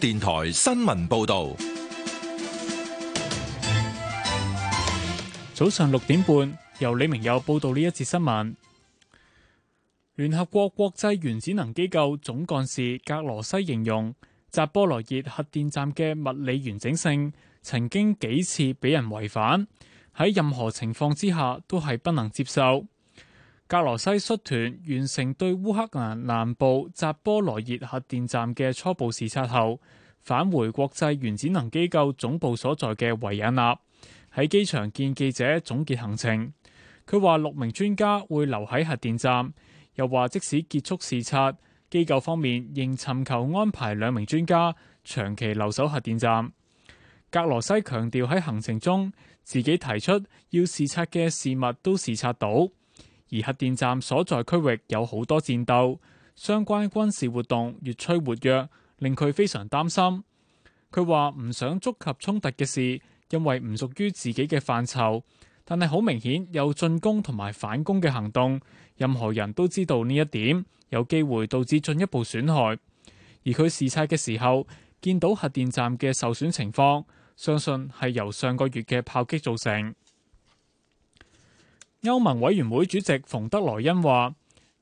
電台新聞報道，早上六點半由李明友報道呢一節新聞。聯合國國際原子能機構總幹事格羅西形容，扎波羅熱核電站嘅物理完整性曾經幾次俾人違反，喺任何情況之下都係不能接受。格羅西率團完成對烏克蘭南部扎波羅熱核電站嘅初步視察後，返回國際原子能機構總部所在嘅維也納。喺機場見記者總結行程，佢話六名專家會留喺核電站，又話即使結束視察，機構方面仍尋求安排兩名專家長期留守核電站。格羅西強調喺行程中自己提出要視察嘅事物都視察到。而核電站所在區域有好多戰鬥，相關軍事活動越趨活躍，令佢非常擔心。佢話唔想觸及衝突嘅事，因為唔屬於自己嘅範疇。但係好明顯有進攻同埋反攻嘅行動，任何人都知道呢一點，有機會導致進一步損害。而佢視察嘅時候，見到核電站嘅受損情況，相信係由上個月嘅炮擊造成。歐盟委員會主席馮德萊恩話，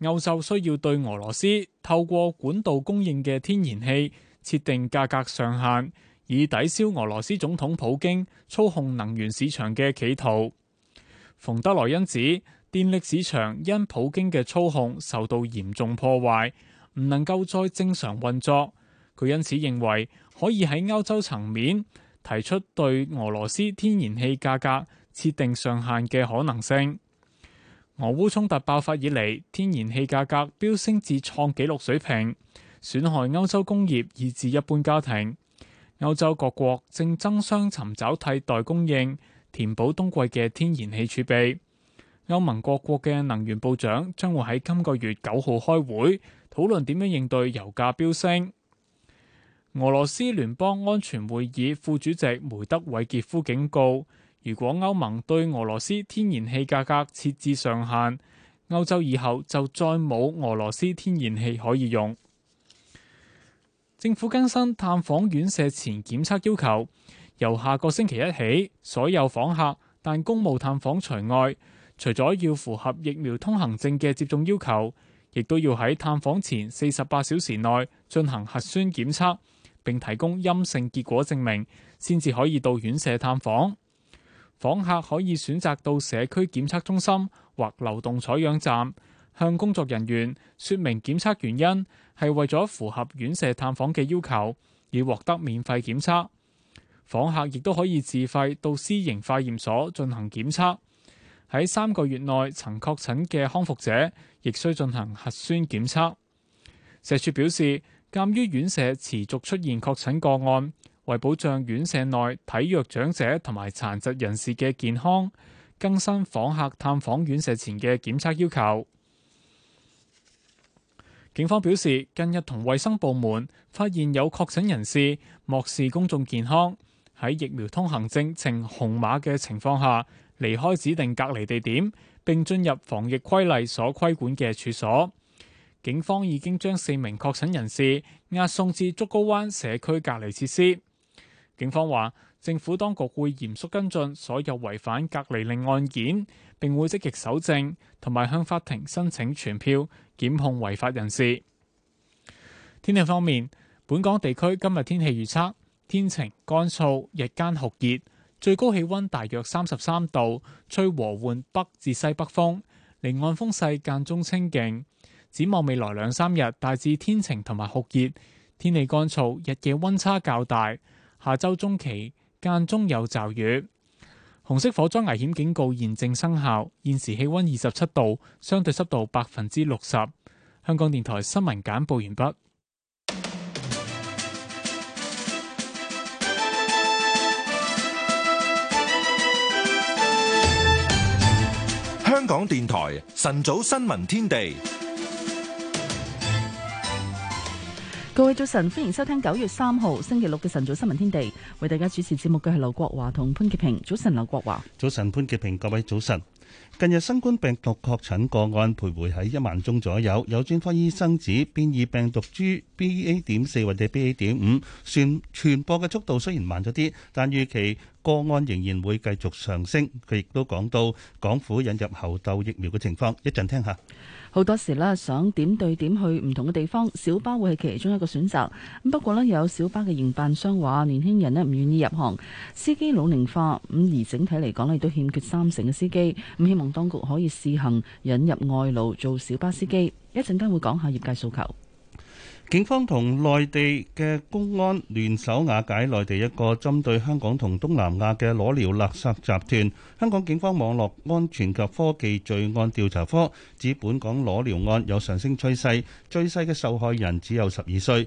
歐洲需要對俄羅斯透過管道供應嘅天然氣設定價格上限，以抵消俄羅斯總統普京操控能源市場嘅企圖。馮德萊恩指，電力市場因普京嘅操控受到嚴重破壞，唔能夠再正常運作。佢因此認為可以喺歐洲層面提出對俄羅斯天然氣價格設定上限嘅可能性。俄烏衝突爆發以來，天然氣價格飆升至創紀錄水平，損害歐洲工業以至一般家庭。歐洲各國正爭相尋找替代供應，填補冬季嘅天然氣儲備。歐盟各國嘅能源部長將會喺今個月九號開會，討論點樣應對油價飆升。俄羅斯聯邦安全會議副主席梅德韋傑夫警告。如果歐盟對俄羅斯天然氣價格設置上限，歐洲以後就再冇俄羅斯天然氣可以用。政府更新探訪院舍前檢測要求，由下個星期一起，所有訪客（但公務探訪除外），除咗要符合疫苗通行證嘅接種要求，亦都要喺探訪前四十八小時內進行核酸檢測，並提供陰性結果證明，先至可以到院舍探訪。訪客可以選擇到社區檢測中心或流動採樣站，向工作人員說明檢測原因係為咗符合院舍探訪嘅要求而獲得免費檢測。訪客亦都可以自費到私營化驗所進行檢測，喺三個月內曾確診嘅康復者亦需進行核酸檢測。社署表示，鑒於院舍持續出現確診個案，為保障院舍內體弱長者同埋殘疾人士嘅健康，更新訪客探訪院舍前嘅檢測要求。警方表示，近日同衛生部門發現有確診人士漠視公眾健康，喺疫苗通行證呈紅碼嘅情況下離開指定隔離地點，並進入防疫規例所規管嘅處所。警方已經將四名確診人士押送至竹篙灣社區隔離設施。警方話，政府當局會嚴肅跟進所有違反隔離令案件，並會積極搜證，同埋向法庭申請傳票檢控違法人士。天氣方面，本港地區今日天氣預測天晴乾燥，日間酷熱，最高氣溫大約三十三度，吹和緩北至西北風，離岸風勢間中清勁。展望未來兩三日，大致天晴同埋酷熱，天氣乾燥，日夜溫差較大。下周中期間中有驟雨，紅色火災危險警告現正生效。現時氣溫二十七度，相對濕度百分之六十。香港電台新聞簡報完畢。香港電台晨早新聞天地。各位早晨，歡迎收聽九月三號星期六嘅晨早新聞天地。為大家主持節目嘅係劉國華同潘潔平。早晨，劉國華。早晨，潘潔平。各位早晨。近日新冠病毒確診個案徘徊喺一萬宗左右，有專科醫生指變異病毒株 BA. 點四或者 BA. 點五傳傳播嘅速度雖然慢咗啲，但預期個案仍然會繼續上升。佢亦都講到港府引入猴痘疫苗嘅情況，一陣聽下。好多時咧，想點對點去唔同嘅地方，小巴會係其中一個選擇。咁不過咧，有小巴嘅營辦商話，年輕人咧唔願意入行，司機老齡化，咁而整體嚟講亦都欠缺三成嘅司機。咁希望當局可以試行引入外勞做小巴司機。會會一陣間會講下業界訴求。警方同內地嘅公安聯手瓦解內地一個針對香港同東南亞嘅裸聊垃圾集團。香港警方網絡安全及科技罪案調查科指，本港裸聊案有上升趨勢，最細嘅受害人只有十二歲。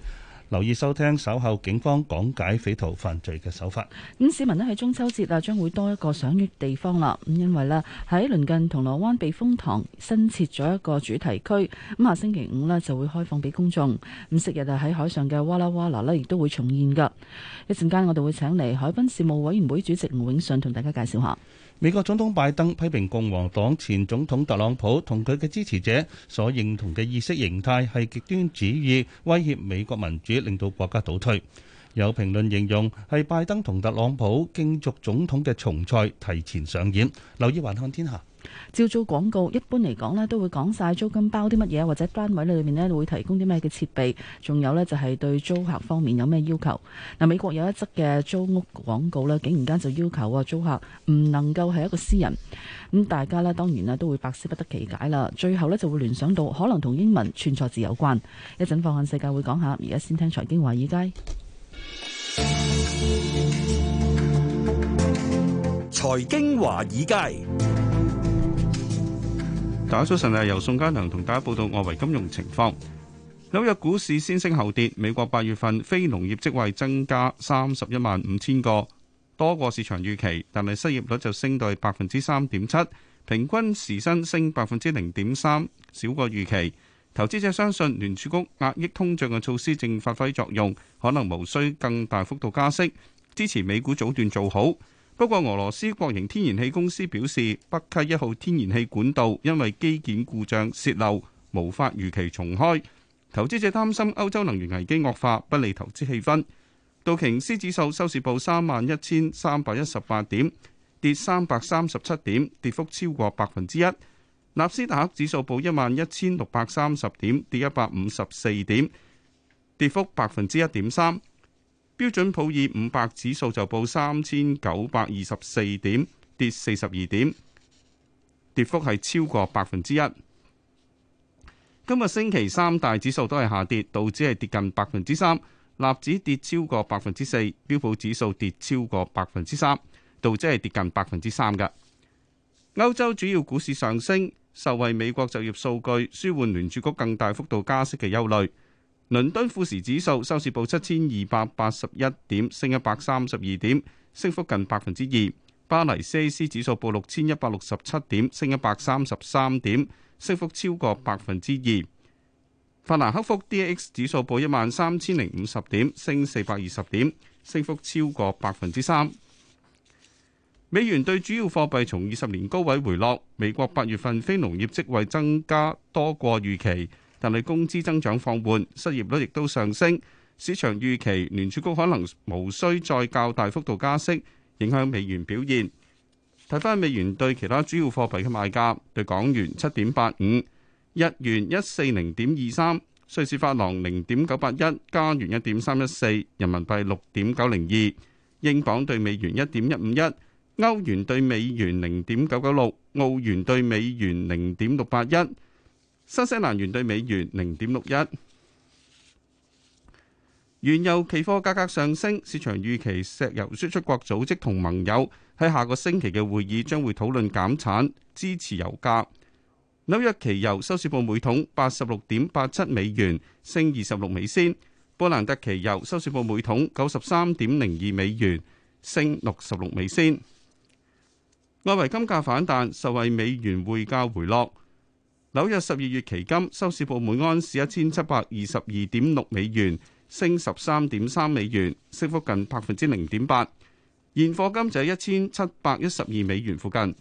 留意收聽，稍後警方講解匪徒犯罪嘅手法。咁市民咧喺中秋節啊，將會多一個賞月地方啦。咁因為咧喺鄰近銅鑼灣避風塘新設咗一個主題區，咁下星期五咧就會開放俾公眾。咁昔日啊喺海上嘅哇啦哇啦咧亦都會重現噶。一陣間我哋會請嚟海濱事務委員會主席吳永信同大家介紹下。美國總統拜登批評共和黨前總統特朗普同佢嘅支持者所認同嘅意識形態係極端主義，威脅美國民主，令到國家倒退。有評論形容係拜登同特朗普競逐總統嘅重賽提前上演。留意環看天下。招租廣告，一般嚟講咧都會講晒租金包啲乜嘢，或者單位裏面咧會提供啲咩嘅設備，仲有呢，就係對租客方面有咩要求。嗱，美國有一則嘅租屋廣告咧，竟然間就要求啊租客唔能夠係一個私人。咁大家咧當然啊都會百思不得其解啦。最後呢，就會聯想到可能同英文串錯字有關。一陣放眼世界會講下，而家先聽財經華爾街。財經華爾街。大家早晨，由宋家良同大家報道外圍金融情況。紐約股市先升後跌，美國八月份非農業職位增加三十一萬五千個，多過市場預期，但係失業率就升到百分之三點七，平均時薪升百分之零點三，少過預期。投資者相信聯儲局壓抑通脹嘅措施正發揮作用，可能無需更大幅度加息，支持美股早段做好。不過，俄羅斯國營天然氣公司表示，北溪一號天然氣管道因為基建故障洩漏，無法如期重開。投資者擔心歐洲能源危機惡化，不利投資氣氛。道瓊斯指數收市報三萬一千三百一十八點，跌三百三十七點，跌幅超過百分之一。納斯達克指數報一萬一千六百三十點，跌一百五十四點，跌幅百分之一點三。標準普爾五百指數就報三千九百二十四點，跌四十二點，跌幅係超過百分之一。今日星期三，大指數都係下跌，道指係跌近百分之三，納指跌超過百分之四，標普指數跌超過百分之三，道指係跌近百分之三㗎。歐洲主要股市上升，受惠美國就業數據舒緩聯儲局更大幅度加息嘅憂慮。倫敦富時指數收市報七千二百八十一點，升一百三十二點，升幅近百分之二。巴黎 CAC 指數報六千一百六十七點，升一百三十三點，升幅超過百分之二。法蘭克福 DAX 指數報一萬三千零五十點，升四百二十點，升幅超過百分之三。美元兌主要貨幣從二十年高位回落。美國八月份非農業職位增加多過預期。但係工資增長放緩，失業率亦都上升。市場預期聯儲局可能無需再較大幅度加息，影響美元表現。睇翻美元對其他主要貨幣嘅賣價：對港元七點八五，日元一四零點二三，瑞士法郎零點九八一，加元一點三一四，人民幣六點九零二，英鎊對美元一點一五一，歐元對美元零點九九六，澳元對美元零點六八一。新西蘭元兌美元零點六一，原油期貨價格上升，市場預期石油輸出國組織同盟友喺下個星期嘅會議將會討論減產，支持油價。紐約期油收市報每桶八十六點八七美元，升二十六美仙。布蘭特期油收市報每桶九十三點零二美元，升六十六美仙。外圍金價反彈，受惠美元匯價回落。紐約十二月期金收市報每安士一千七百二十二點六美元，升十三點三美元，升幅近百分之零點八。現貨金就係一千七百一十二美元附近。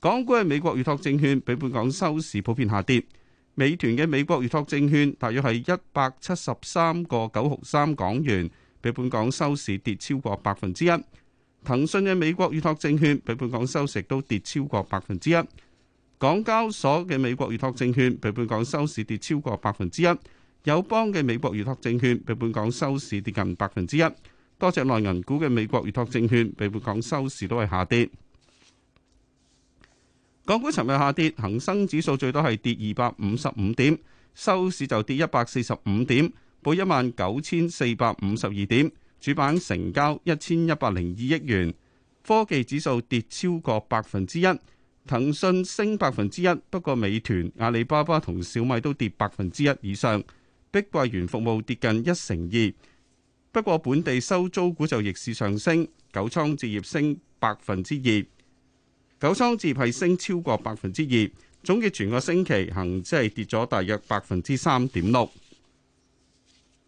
港股嘅美國預託證券比本港收市普遍下跌。美團嘅美國預託證券大約係一百七十三個九毫三港元，比本港收市跌超過百分之一。騰訊嘅美國預託證券比本港收市都跌超過百分之一。港交所嘅美國預託證券比本港收市跌超過百分之一，友邦嘅美國預託證券比本港收市跌近百分之一。多隻內銀股嘅美國預託證券比本港收市都係下跌。港股尋日下跌，恒生指數最多係跌二百五十五點，收市就跌一百四十五點，報一萬九千四百五十二點，主板成交一千一百零二億元，科技指數跌超過百分之一。騰訊升百分之一，不過美團、阿里巴巴同小米都跌百分之一以上。碧桂園服務跌近一成二，不過本地收租股就逆市上升，九倉置業升百分之二，九倉置業係升超過百分之二。總結全個星期，恒指係跌咗大約百分之三點六。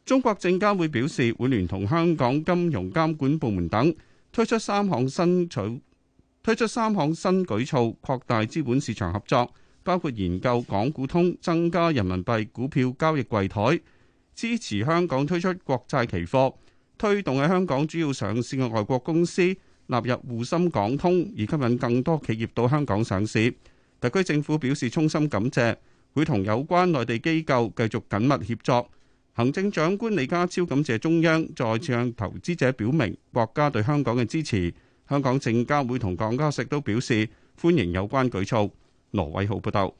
中國證監會表示，會聯同香港金融監管部門等推出三項新措。推出三項新舉措，擴大資本市場合作，包括研究港股通、增加人民幣股票交易櫃台、支持香港推出國債期貨，推動喺香港主要上市嘅外國公司納入滬深港通，以吸引更多企業到香港上市。特區政府表示衷心感謝，會同有關內地機構繼續緊密協作。行政長官李家超感謝中央再次向投資者表明國家對香港嘅支持。香港證監會同港交所都表示歡迎有關舉措。羅偉浩報道，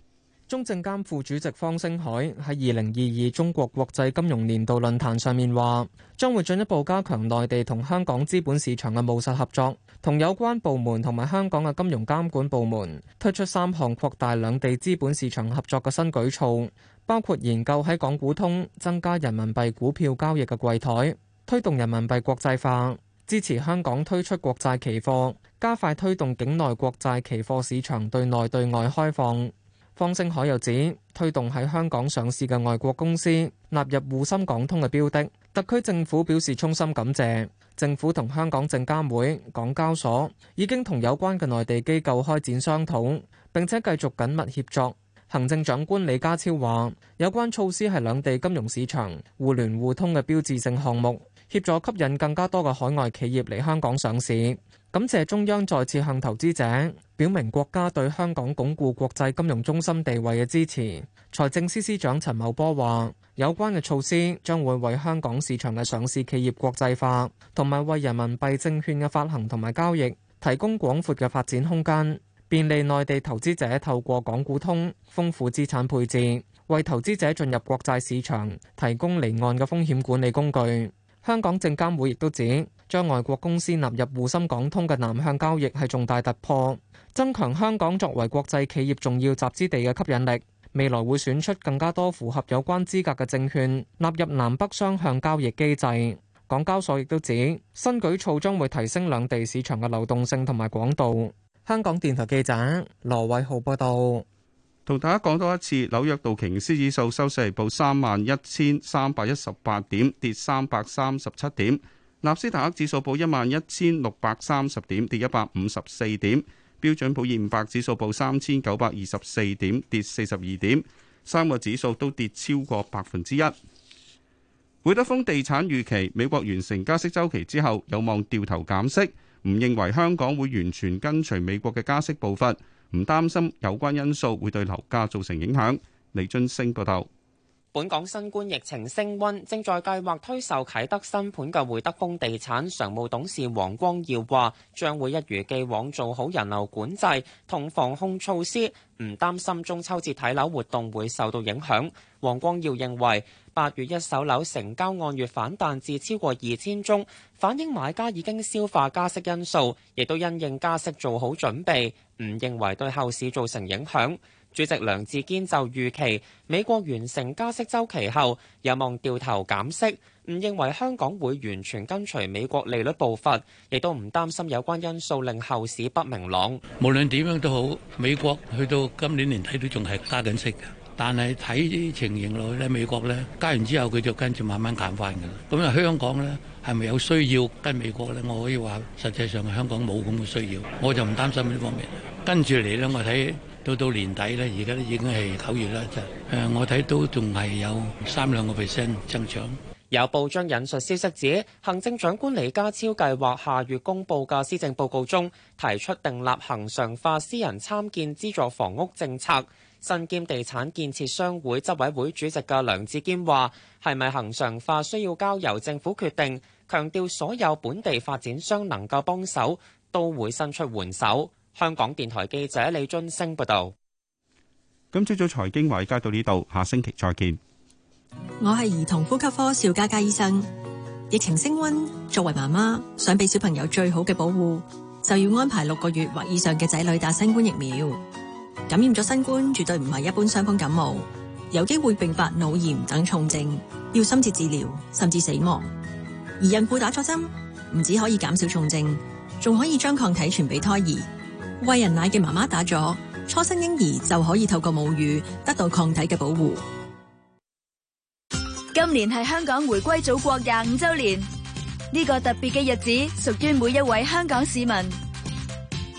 中證監副主席方星海喺二零二二中國國際金融年度論壇上面話，將會進一步加強內地同香港資本市場嘅務實合作，同有關部門同埋香港嘅金融監管部門推出三項擴大兩地資本市場合作嘅新舉措，包括研究喺港股通增加人民幣股票交易嘅櫃台，推動人民幣國際化。支持香港推出國債期貨，加快推動境內國債期貨市場對內對外開放。方星海又指，推動喺香港上市嘅外國公司納入滬深港通嘅標的。特區政府表示衷心感謝，政府同香港證監會、港交所已經同有關嘅內地機構開展商討，並且繼續緊密協作。行政長官李家超話，有關措施係兩地金融市場互聯互通嘅標誌性項目。協助吸引更加多嘅海外企業嚟香港上市，感謝中央再次向投資者表明國家對香港鞏固國際金融中心地位嘅支持。財政司司長陳茂波話：有關嘅措施將會為香港市場嘅上市企業國際化，同埋為人民幣證券嘅發行同埋交易提供廣闊嘅發展空間，便利內地投資者透過港股通豐富資產配置，為投資者進入國際市場提供離岸嘅風險管理工具。香港證監會亦都指，將外國公司納入滬深港通嘅南向交易係重大突破，增強香港作為國際企業重要集資地嘅吸引力。未來會選出更加多符合有關資格嘅證券納入南北雙向交易機制。港交所亦都指，新舉措將會提升兩地市場嘅流動性同埋廣度。香港電台記者羅偉豪報道。同大家講多一次，紐約道瓊斯指數收市報三萬一千三百一十八點，跌三百三十七點；納斯達克指數報一萬一千六百三十點，跌一百五十四點；標準普爾五百指數報三千九百二十四點，跌四十二點。三個指數都跌超過百分之一。會德豐地產預期美國完成加息周期之後，有望掉頭減息，唔認為香港會完全跟隨美國嘅加息步伐。唔擔心有關因素會對樓價造成影響。李津升報道，本港新冠疫情升溫，正在計劃推售啟德新盤嘅會德豐地產常務董事黃光耀話，將會一如既往做好人流管制同防控措施，唔擔心中秋節睇樓活動會受到影響。黃光耀認為，八月一手樓成交按月反彈至超過二千宗，反映買家已經消化加息因素，亦都因應加息做好準備，唔認為對後市造成影響。主席梁志堅就預期美國完成加息週期後，有望掉頭減息，唔認為香港會完全跟隨美國利率步伐，亦都唔擔心有關因素令後市不明朗。無論點樣都好，美國去到今年年底都仲係加緊息嘅。但係睇啲情形落去咧，美國咧加完之後，佢就跟住慢慢減翻嘅。咁、嗯、啊，香港咧係咪有需要跟美國咧？我可以話實際上香港冇咁嘅需要，我就唔擔心呢方面。跟住嚟咧，我睇到到年底咧，而家已經係九月啦，就誒，我睇到仲係有三兩個 percent 增長。有報章引述消息指，行政長官李家超計劃下月公布嘅施政報告中，提出訂立恆常化私人參建資助房屋政策。身兼地產建設商會執委會主席嘅梁志堅話：係咪恆常化需要交由政府決定？強調所有本地發展商能夠幫手都會伸出援手。香港電台記者李津升報道。今朝早財經委街到呢度，下星期再見。我係兒童呼吸科邵嘉嘉醫生。疫情升溫，作為媽媽想俾小朋友最好嘅保護，就要安排六個月或以上嘅仔女打新冠疫苗。感染咗新冠，絕對唔係一般傷風感冒，有機會併發腦炎等重症，要深切治療，甚至死亡。而孕婦打咗針，唔止可以減少重症，仲可以將抗體傳俾胎兒。喂人奶嘅媽媽打咗，初生嬰兒就可以透過母乳得到抗體嘅保護。今年係香港回歸祖國廿五週年，呢個特別嘅日子屬於每一位香港市民。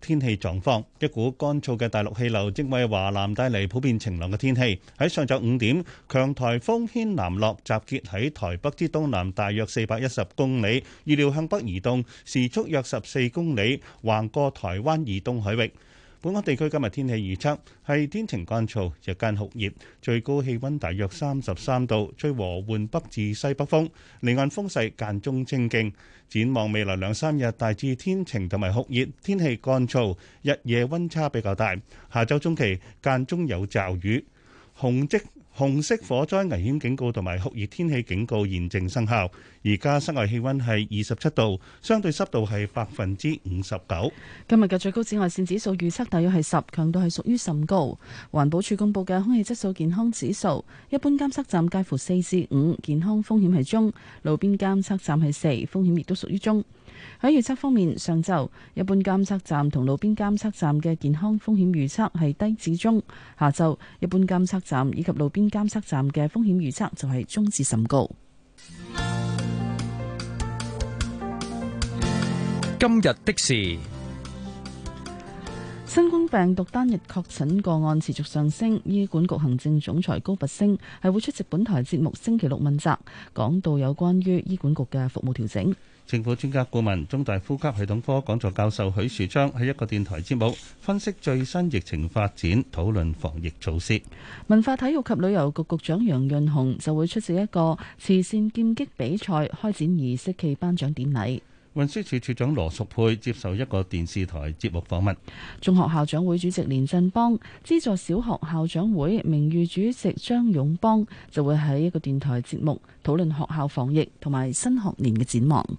天氣狀況，一股乾燥嘅大陸氣流正為華南帶嚟普遍晴朗嘅天氣。喺上晝五點，強颱風軒嵐諾集結喺台北之東南大約四百一十公里，預料向北移動，時速約十四公里，橫過台灣以東海域。本港地區今日天氣預測係天晴乾燥，日間酷熱，最高氣温大約三十三度，吹和緩北至西北風，離岸風勢間中清勁。展望未來兩三日，大致天晴同埋酷熱，天氣乾燥，日夜温差比較大。下週中期間中有驟雨，紅色。紅色火災危險警告同埋酷熱天氣警告現正生效。而家室外氣溫係二十七度，相對濕度係百分之五十九。今日嘅最高紫外線指數預測大約係十，強度係屬於甚高。環保署公布嘅空氣質素健康指數，一般監測站介乎四至五，健康風險係中；路邊監測站係四，風險亦都屬於中。喺預測方面，上晝一般監測站同路邊監測站嘅健康風險預測係低至中。下晝一般監測站以及路邊監測站嘅風險預測就係中至甚高。今日的事，新冠病毒單日確診個案持續上升。醫管局行政總裁高拔升係會出席本台節目星期六問責，講到有關於醫管局嘅服務調整。政府專家顧問、中大呼吸系統科講座教授許樹昌喺一個電台節目分析最新疫情發展，討論防疫措施。文化體育及旅遊局，局局長楊潤雄就會出席一個慈善劍擊比賽，開展儀式暨頒獎典禮。運輸署署長羅淑佩接受一個電視台節目訪問。中學校長會主席連振邦、資助小學校長會名譽主席張勇邦就會喺一個電台節目討論學校防疫同埋新學年嘅展望。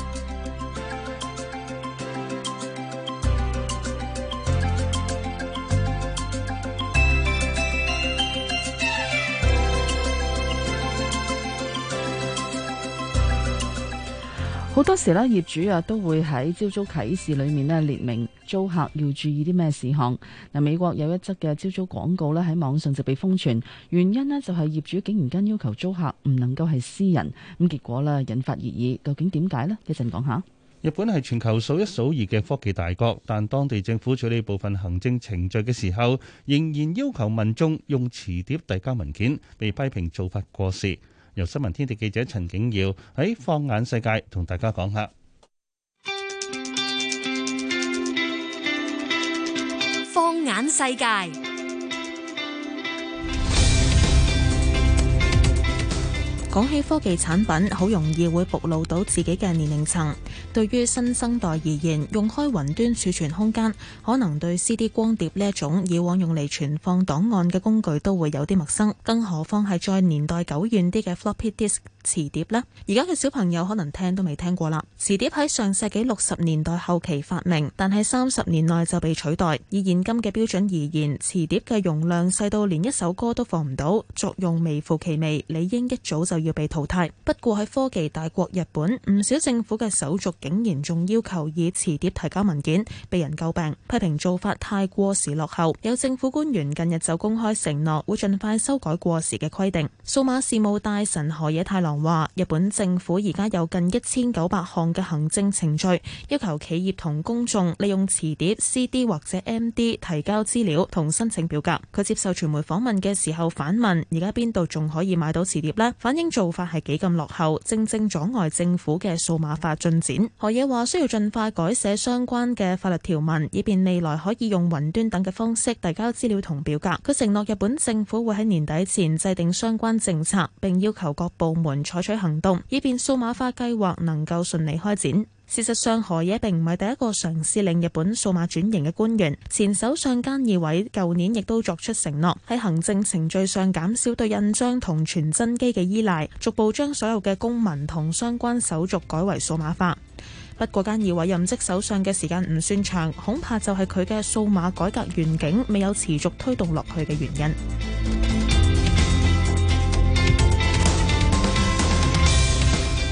好多時咧，業主啊都會喺招租啟事裏面咧列明租客要注意啲咩事項。嗱，美國有一則嘅招租廣告咧喺網上就被封存，原因呢就係業主竟然間要求租客唔能夠係私人，咁結果呢，引發熱議。究竟點解呢？講一陣講下。日本係全球數一數二嘅科技大國，但當地政府處理部分行政程序嘅時候，仍然要求民眾用磁碟遞交文件，被批評做法過時。由新聞天地記者陳景耀喺放眼世界同大家講下。放眼世界。講起科技產品，好容易會暴露到自己嘅年齡層。對於新生代而言，用開雲端儲存空間，可能對 CD 光碟呢一種以往用嚟存放檔案嘅工具都會有啲陌生。更何況係再年代久遠啲嘅 Floppy Disk 磁碟呢？而家嘅小朋友可能聽都未聽過啦。磁碟喺上世紀六十年代後期發明，但係三十年內就被取代。以現今嘅標準而言，磁碟嘅容量細到連一首歌都放唔到，作用微乎其微，理應一早就要被淘汰。不過喺科技大國日本，唔少政府嘅手續竟然仲要求以磁碟提交文件，被人詬病批評做法太過時落後。有政府官員近日就公開承諾會盡快修改過時嘅規定。數碼事務大臣河野太郎話：日本政府而家有近一千九百項嘅行政程序要求企業同公眾利用磁碟、CD 或者 MD 提交資料同申請表格。佢接受傳媒訪問嘅時候反問：「而家邊度仲可以買到磁碟呢？」反映。做法係幾咁落後，正正阻礙政府嘅數碼化進展。河野話需要盡快改寫相關嘅法律條文，以便未來可以用雲端等嘅方式遞交資料同表格。佢承諾日本政府會喺年底前制定相關政策，並要求各部門採取行動，以便數碼化計劃能夠順利開展。事實上，河野並唔係第一個嘗試令日本數碼轉型嘅官員。前首相菅義偉舊年亦都作出承諾，喺行政程序上減少對印章同傳真機嘅依賴，逐步將所有嘅公民同相關手續改為數碼化。不過，菅義偉任職首相嘅時間唔算長，恐怕就係佢嘅數碼改革願景，未有持續推動落去嘅原因。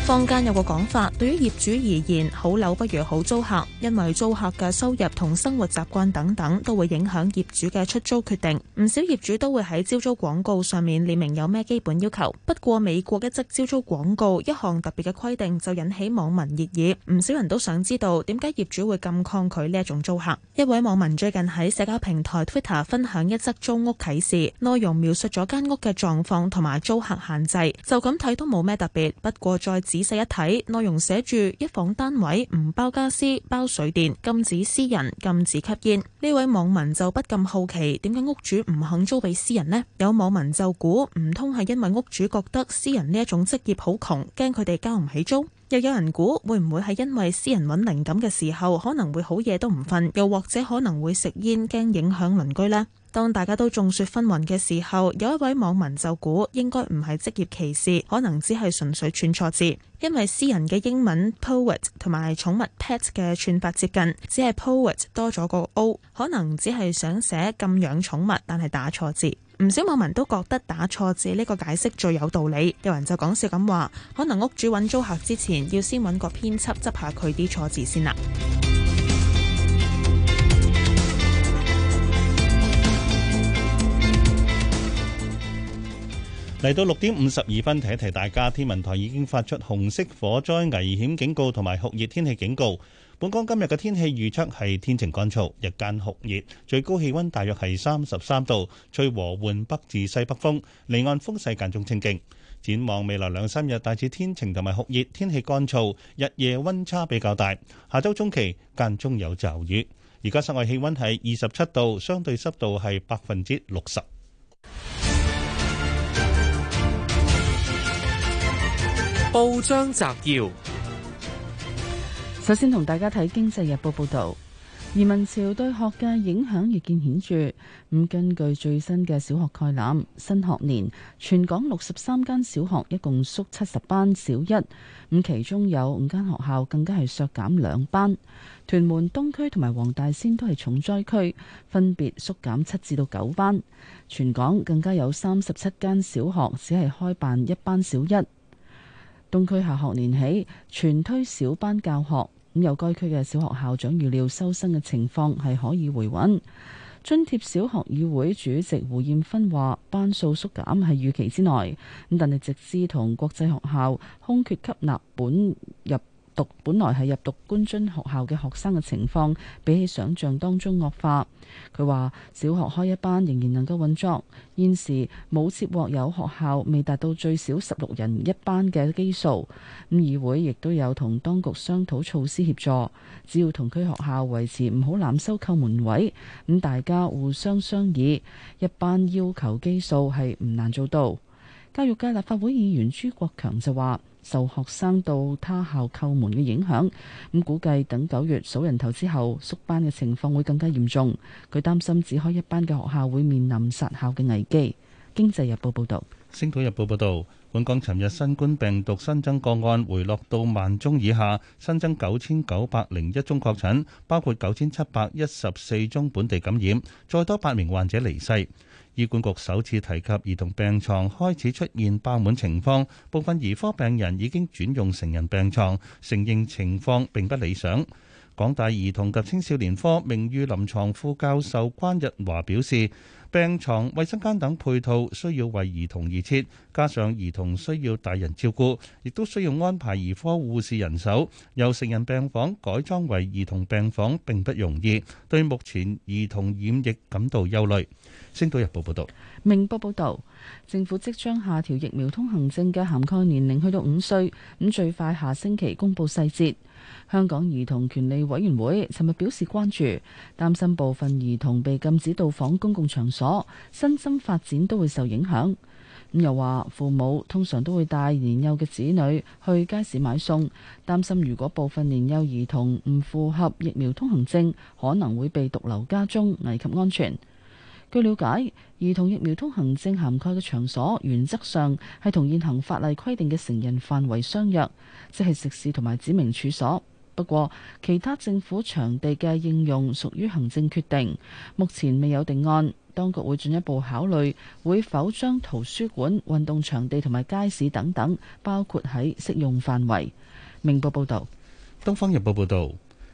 坊間有個講法，對於業主而言，好樓不如好租客，因為租客嘅收入同生活習慣等等都會影響業主嘅出租決定。唔少業主都會喺招租廣告上面列明有咩基本要求。不過美國一則招租廣告，一項特別嘅規定就引起網民熱議。唔少人都想知道點解業主會咁抗拒呢一種租客。一位網民最近喺社交平台 Twitter 分享一則租屋啟事，內容描述咗間屋嘅狀況同埋租客限制，就咁睇都冇咩特別。不過再仔細一睇，內容寫住一房單位唔包家私、包水電，禁止詩人、禁止吸煙。呢位網民就不禁好奇，點解屋主唔肯租俾詩人呢？有網民就估，唔通係因為屋主覺得詩人呢一種職業好窮，驚佢哋交唔起租。又有人估會唔會係因為詩人搵靈感嘅時候，可能會好夜都唔瞓，又或者可能會食煙，驚影響鄰居呢？當大家都眾說紛紜嘅時候，有一位網民就估應該唔係職業歧視，可能只係純粹串錯字，因為私人嘅英文 poet 同埋寵物 pet 嘅串法接近，只係 poet 多咗個 o，可能只係想寫禁養寵物，但係打錯字。唔少網民都覺得打錯字呢個解釋最有道理，有人就講笑咁話，可能屋主揾租客之前要先揾個編輯執下佢啲錯字先啦。嚟到六點五十二分，提一提大家，天文台已經發出紅色火災危險警告同埋酷熱天氣警告。本港今日嘅天氣預測係天晴乾燥，日間酷熱，最高氣温大約係三十三度，吹和緩北至西北風，離岸風勢間中清勁。展望未來兩三日，大致天晴同埋酷熱，天氣乾燥，日夜温差比較大。下周中期間中有驟雨。而家室外氣温係二十七度，相對濕度係百分之六十。報章摘要，首先同大家睇《經濟日報》報道，移民潮對學界影響亦見顯著。咁根據最新嘅小學概覽，新學年全港六十三間小學一共縮七十班小一，咁其中有五間學校更加係削減兩班。屯門東區同埋黃大仙都係重災區，分別縮減七至到九班。全港更加有三十七間小學只係開辦一班小一。東區下學年起全推小班教學，咁有該區嘅小學校長預料收生嘅情況係可以回穩。津貼小學議會主席胡艷芬話：班數縮減係預期之內，咁但係直資同國際學校空缺吸納本入。讀本來係入讀官津學校嘅學生嘅情況，比起想象當中惡化。佢話，小學開一班仍然能夠運作，現時冇接獲有學校未達到最少十六人一班嘅基數。咁議會亦都有同當局商討措、措施協助，只要同區學校維持唔好濫收叩門位，咁大家互相商議，一班要求基數係唔難做到。教育界立法會議員朱國強就話。受學生到他校叩門嘅影響，咁估計等九月數人頭之後，縮班嘅情況會更加嚴重。佢擔心只開一班嘅學校會面臨殺校嘅危機。經濟日報報道，《星島日報》報道，本港尋日新冠病毒新增個案回落到萬宗以下，新增九千九百零一宗確診，包括九千七百一十四宗本地感染，再多八名患者離世。醫管局首次提及兒童病床開始出現爆滿情況，部分兒科病人已經轉用成人病床，承認情況並不理想。港大兒童及青少年科名譽臨床副教授關日華表示，病床、衛生間等配套需要為兒童而設，加上兒童需要大人照顧，亦都需要安排兒科護士人手。由成人病房改裝為兒童病房並不容易，對目前兒童染疫感到憂慮。星島日報報道。明報報道，政府即將下調疫苗通行證嘅涵蓋年齡去到五歲，咁最快下星期公布細節。香港兒童權利委員會尋日表示關注，擔心部分兒童被禁止到訪公共場所。所身心發展都會受影響。咁又話，父母通常都會帶年幼嘅子女去街市買餸，擔心如果部分年幼兒童唔符合疫苗通行證，可能會被獨留家中，危及安全。據了解，兒童疫苗通行證涵蓋嘅場所，原則上係同現行法例規定嘅成人範圍相若，即係食肆同埋指明處所。不過，其他政府場地嘅應用屬於行政決定，目前未有定案。當局會進一步考慮，會否將圖書館、運動場地同埋街市等等，包括喺適用範圍。明報報導，東方日報報導，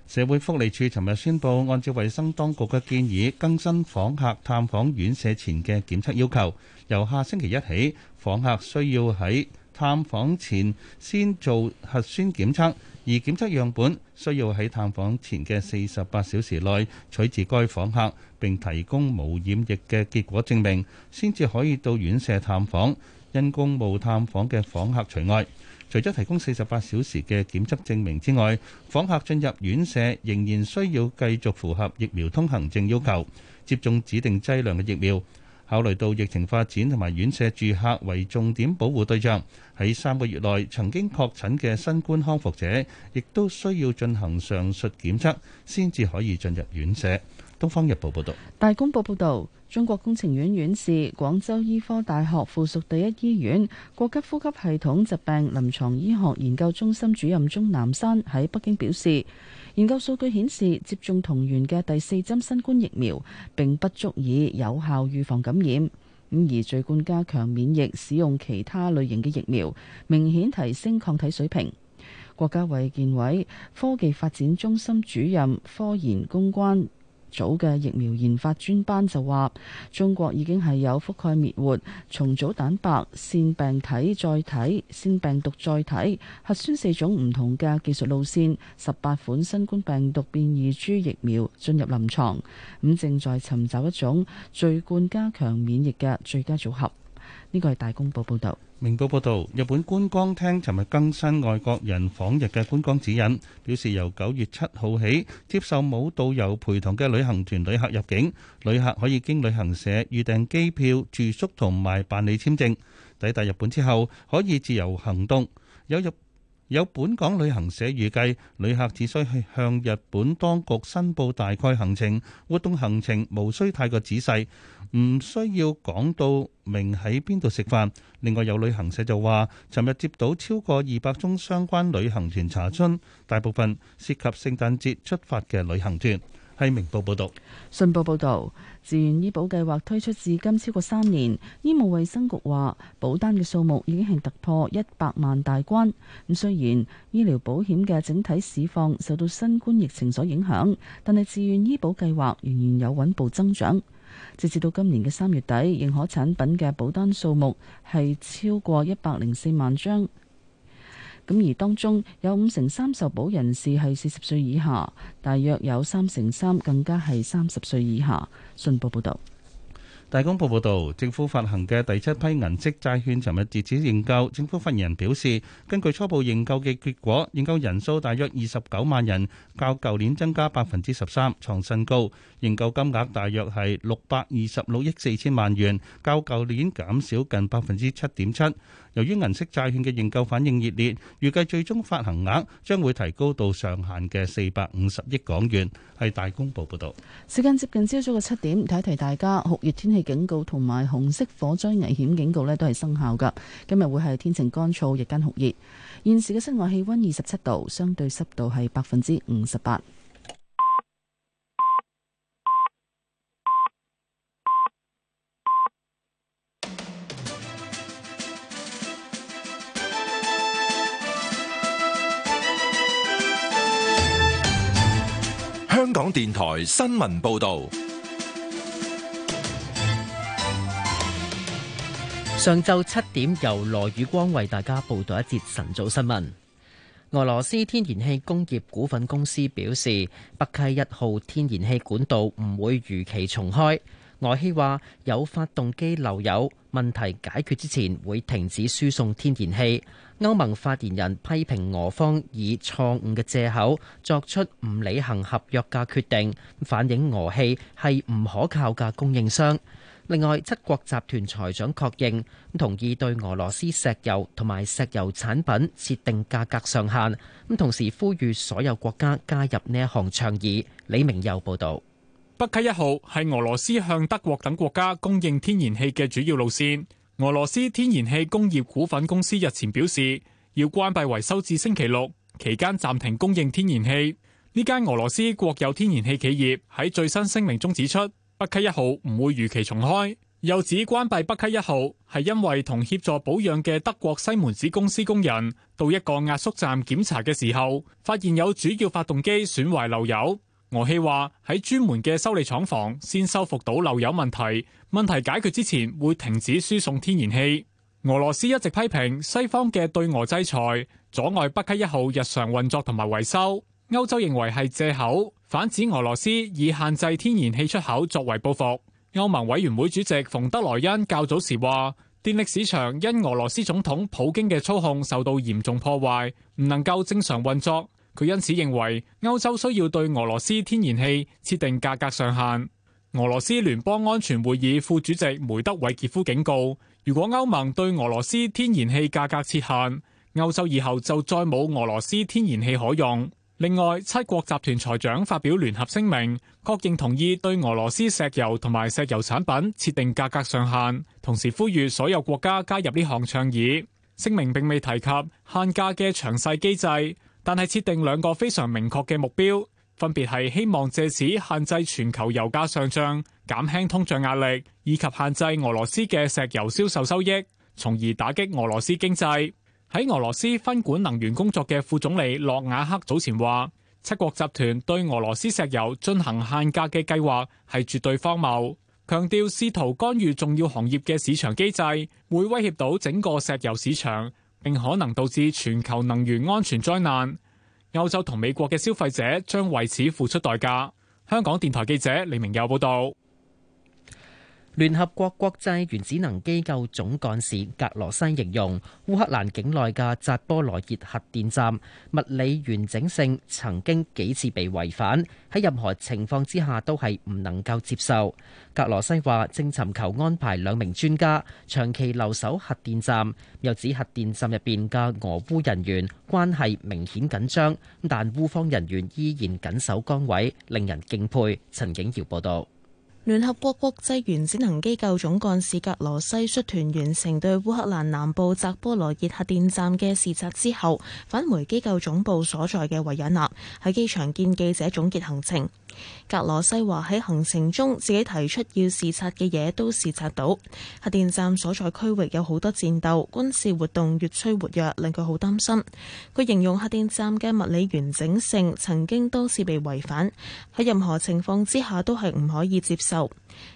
社會福利署尋日宣布，按照衛生當局嘅建議，更新訪客探訪院舍前嘅檢測要求，由下星期一起，訪客需要喺探訪前先做核酸檢測。而檢測樣本需要喺探訪前嘅四十八小時內取自該訪客，並提供無染疫嘅結果證明，先至可以到院舍探訪。因公務探訪嘅訪客除外。除咗提供四十八小時嘅檢測證明之外，訪客進入院舍仍然需要繼續符合疫苗通行證要求，接種指定劑量嘅疫苗。考慮到疫情發展同埋院舍住客為重點保護對象，喺三個月內曾經確診嘅新冠康復者，亦都需要進行上述檢測，先至可以進入院舍。《東方日報》報道，《大公報》報道，中國工程院院士、廣州醫科大學附屬第一醫院國家呼吸系統疾病臨床醫學研究中心主任鍾南山喺北京表示。研究數據顯示，接種同源嘅第四針新冠疫苗並不足以有效預防感染，咁而最冠加強免疫，使用其他類型嘅疫苗，明顯提升抗體水平。國家衛健委科技發展中心主任科研公關。組嘅疫苗研發專班就話，中國已經係有覆蓋滅活、重組蛋白、腺病體載體、腺病毒載體、核酸四種唔同嘅技術路線，十八款新冠病毒變異株疫苗進入臨床，咁正在尋找一種序貫加強免疫嘅最佳組合。呢個係大公報報導，明報報導，日本觀光廳尋日更新外國人訪日嘅觀光指引，表示由九月七號起，接受冇導遊陪同嘅旅行團旅客入境，旅客可以經旅行社預訂機票、住宿同埋辦理簽證，抵達日本之後可以自由行動。有日有本港旅行社預計，旅客只需向日本當局申報大概行程、活動行程，無需太過仔細。唔需要講到明喺邊度食飯。另外，有旅行社就話，尋日接到超過二百宗相關旅行團查詢，大部分涉及聖誕節出發嘅旅行團。係明報報導，信報報導，自願醫保計劃推出至今超過三年，醫務衛生局話保單嘅數目已經係突破一百萬大關。咁雖然醫療保險嘅整體市況受到新冠疫情所影響，但係自願醫保計劃仍然有穩步增長。截至到今年嘅三月底，認可產品嘅保單數目係超過一百零四萬張。咁而當中有五成三受保人士係四十歲以下，大約有三成三更加係三十歲以下。信報報道。大公報報導，政府發行嘅第七批銀色債券，尋日截止認購。政府發言人表示，根據初步認購嘅結果，認購人數大約二十九萬人，較舊年增加百分之十三，創新高。認購金額大約係六百二十六億四千萬元，較舊年減少近百分之七點七。由於銀色債券嘅認購反應熱烈，預計最終發行額將會提高到上限嘅四百五十億港元。係大公報報道。時間接近朝早嘅七點，提一提大家酷熱天氣警告同埋紅色火災危險警告呢都係生效噶。今日會係天晴乾燥，日間酷熱。現時嘅室外氣溫二十七度，相對濕度係百分之五十八。香港電台新聞報道。上晝七點，由羅宇光為大家報道一節晨早新聞。俄羅斯天然氣工業股份公司表示，北溪一號天然氣管道唔會如期重開。俄氣話有發動機漏油問題，解決之前，會停止輸送天然氣。歐盟發言人批評俄方以錯誤嘅藉口作出唔履行合約嘅決定，反映俄氣係唔可靠嘅供應商。另外，七國集團財長確認同意對俄羅斯石油同埋石油產品設定價格上限，同時呼籲所有國家加入呢一項倡議。李明佑報導。北溪一號係俄羅斯向德國等國家供應天然氣嘅主要路線。俄羅斯天然氣工業股份公司日前表示，要關閉維修至星期六，期間暫停供應天然氣。呢間俄羅斯國有天然氣企業喺最新聲明中指出，北溪一號唔會如期重開。又指關閉北溪一號係因為同協助保養嘅德國西門子公司工人到一個壓縮站檢查嘅時候，發現有主要發動機損壞漏油。俄氣話喺專門嘅修理廠房先修復到漏油問題，問題解決之前會停止輸送天然氣。俄羅斯一直批評西方嘅對俄制裁，阻礙北溪一號日常運作同埋維修。歐洲認為係借口，反指俄羅斯以限制天然氣出口作為報復。歐盟委員會主席馮德萊恩較早時話，電力市場因俄羅斯總統普京嘅操控受到嚴重破壞，唔能夠正常運作。佢因此認為，歐洲需要對俄羅斯天然氣設定價格上限。俄羅斯聯邦安全會議副主席梅德韋傑夫警告，如果歐盟對俄羅斯天然氣價格設限，歐洲以後就再冇俄羅斯天然氣可用。另外，七國集團財長發表聯合聲明，確認同意對俄羅斯石油同埋石油產品設定價格上限，同時呼籲所有國家加入呢項倡議。聲明並未提及限價嘅詳細機制。但係設定兩個非常明確嘅目標，分別係希望藉此限制全球油價上漲、減輕通脹壓力，以及限制俄羅斯嘅石油銷售收，收益，從而打擊俄羅斯經濟。喺俄羅斯分管能源工作嘅副總理諾瓦克早前話：七國集團對俄羅斯石油進行限價嘅計劃係絕對荒謬，強調試圖干預重要行業嘅市場機制會威脅到整個石油市場。並可能導致全球能源安全災難，歐洲同美國嘅消費者將為此付出代價，香港電台記者李明佑報道。聯合國國際原子能機構總幹事格羅西形容，烏克蘭境內嘅扎波羅熱核電站物理完整性曾經幾次被違反，喺任何情況之下都係唔能夠接受。格羅西話正尋求安排兩名專家長期留守核電站，又指核電站入邊嘅俄烏人員關係明顯緊張，但烏方人員依然緊守崗位，令人敬佩。陳景堯報道。聯合國國際原子能機構總幹事格羅西率團完成對烏克蘭南部扎波羅熱核電站嘅視察之後，返回機構總部所在嘅維也納，喺機場見記者總結行程。格羅西話喺行程中自己提出要視察嘅嘢都視察到，核電站所在區域有好多戰鬥，軍事活動越趨活躍，令佢好擔心。佢形容核電站嘅物理完整性曾經多次被違反，喺任何情況之下都係唔可以接受。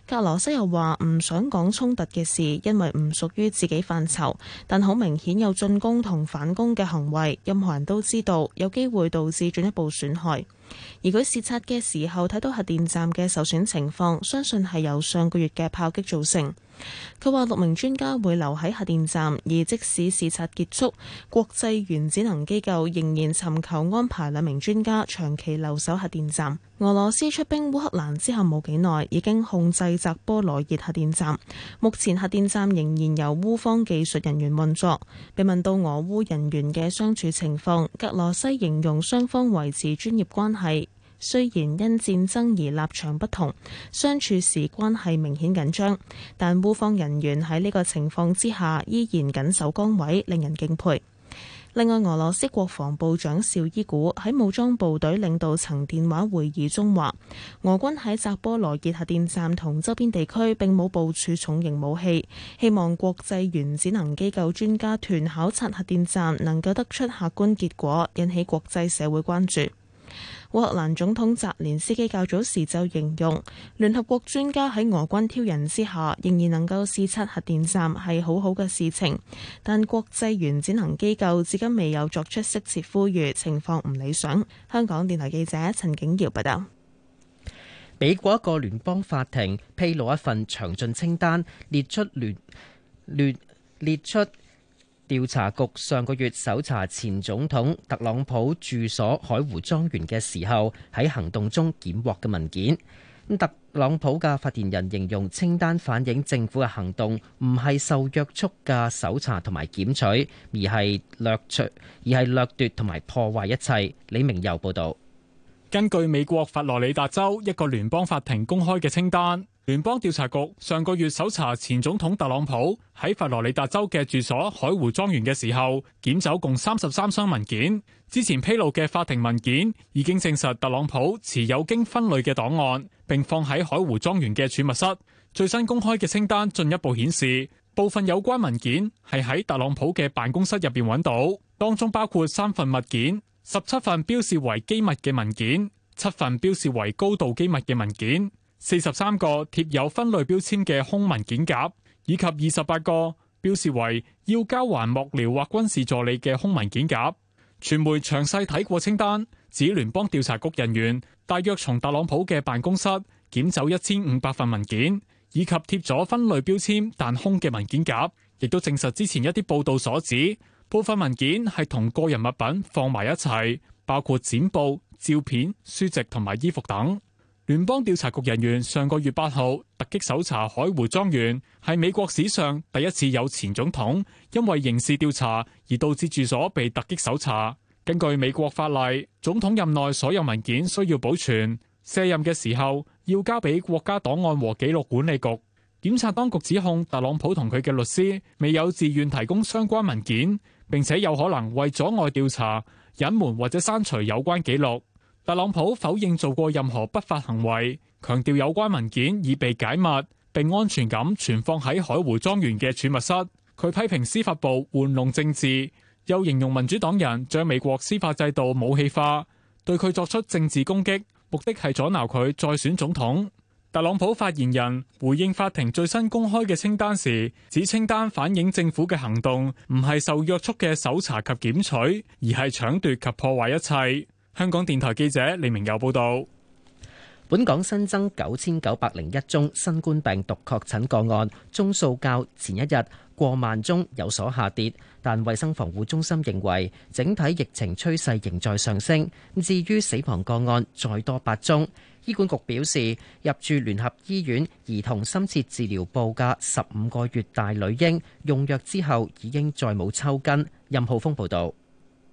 格羅西又話唔想講衝突嘅事，因為唔屬於自己範疇，但好明顯有進攻同反攻嘅行為，任何人都知道有機會導致進一步損害。而佢視察嘅時候睇到核電站嘅受損情況，相信係由上個月嘅炮擊造成。佢話六名專家會留喺核電站，而即使視察結束，國際原子能機構仍然尋求安排兩名專家長期留守核電站。俄羅斯出兵烏克蘭之後冇幾耐，已經控制扎波羅熱核電站。目前核電站仍然由烏方技術人員運作。被問到俄烏人員嘅相處情況，格羅西形容雙方維持專業關係。雖然因戰爭而立場不同，相處時關係明顯緊張，但烏方人員喺呢個情況之下依然緊守崗位，令人敬佩。另外，俄羅斯國防部長邵伊古喺武裝部隊領導層電話會議中話，俄軍喺扎波羅熱核電站同周邊地區並冇部署重型武器，希望國際原子能機構專家團考察核電站能夠得出客觀結果，引起國際社會關注。烏克蘭總統澤連斯基較早時就形容，聯合國專家喺俄軍挑釁，之下，仍然能夠視察核電站係好好嘅事情。但國際原子能機構至今未有作出適切呼籲，情況唔理想。香港電台記者陳景瑤報道。美國一個聯邦法庭披露一份詳盡清單，列出列列列出。調查局上個月搜查前總統特朗普住所海湖莊園嘅時候，喺行動中檢獲嘅文件。特朗普嘅發言人形容清單反映政府嘅行動，唔係受約束嘅搜查同埋檢取，而係掠取，而係掠奪同埋破壞一切。李明佑報導。根據美國佛羅里達州一個聯邦法庭公開嘅清單。聯邦調查局上個月搜查前總統特朗普喺佛羅里達州嘅住所海湖莊園嘅時候，檢走共三十三箱文件。之前披露嘅法庭文件已經證實特朗普持有經分類嘅檔案，並放喺海湖莊園嘅儲物室。最新公開嘅清單進一步顯示，部分有關文件係喺特朗普嘅辦公室入邊揾到，當中包括三份物件、十七份標示為機密嘅文件、七份標示為高度機密嘅文件。四十三個貼有分類標籤嘅空文件夾，以及二十八個標示為要交還幕僚或軍事助理嘅空文件夾。傳媒詳細睇過清單，指聯邦調查局人員大約從特朗普嘅辦公室檢走一千五百份文件，以及貼咗分類標籤但空嘅文件夾，亦都證實之前一啲報道所指，部分文件係同個人物品放埋一齊，包括剪報、照片、書籍同埋衣服等。聯邦調查局人員上個月八號突擊搜查海湖莊園，係美國史上第一次有前總統因為刑事調查而導致住所被突擊搜查。根據美國法例，總統任內所有文件需要保存，卸任嘅時候要交俾國家檔案和紀錄管理局。檢察當局指控特朗普同佢嘅律師未有自願提供相關文件，並且有可能為阻礙調查，隱瞞或者刪除有關記錄。特朗普否認做過任何不法行為，強調有關文件已被解密，並安全咁存放喺海湖莊園嘅儲物室。佢批評司法部玩弄政治，又形容民主黨人將美國司法制度武器化，對佢作出政治攻擊，目的係阻撓佢再選總統。特朗普發言人回應法庭最新公開嘅清單時，指清單反映政府嘅行動唔係受約束嘅搜查及檢取，而係搶奪及破壞一切。香港電台記者李明佑報道，本港新增九千九百零一宗新冠病毒確診個案，宗數較前一日過萬宗有所下跌，但衛生防護中心認為整體疫情趨勢仍在上升。至於死亡個案再多八宗，醫管局表示，入住聯合醫院兒童深切治療部嘅十五個月大女嬰用藥之後已經再冇抽筋。任浩峰報道。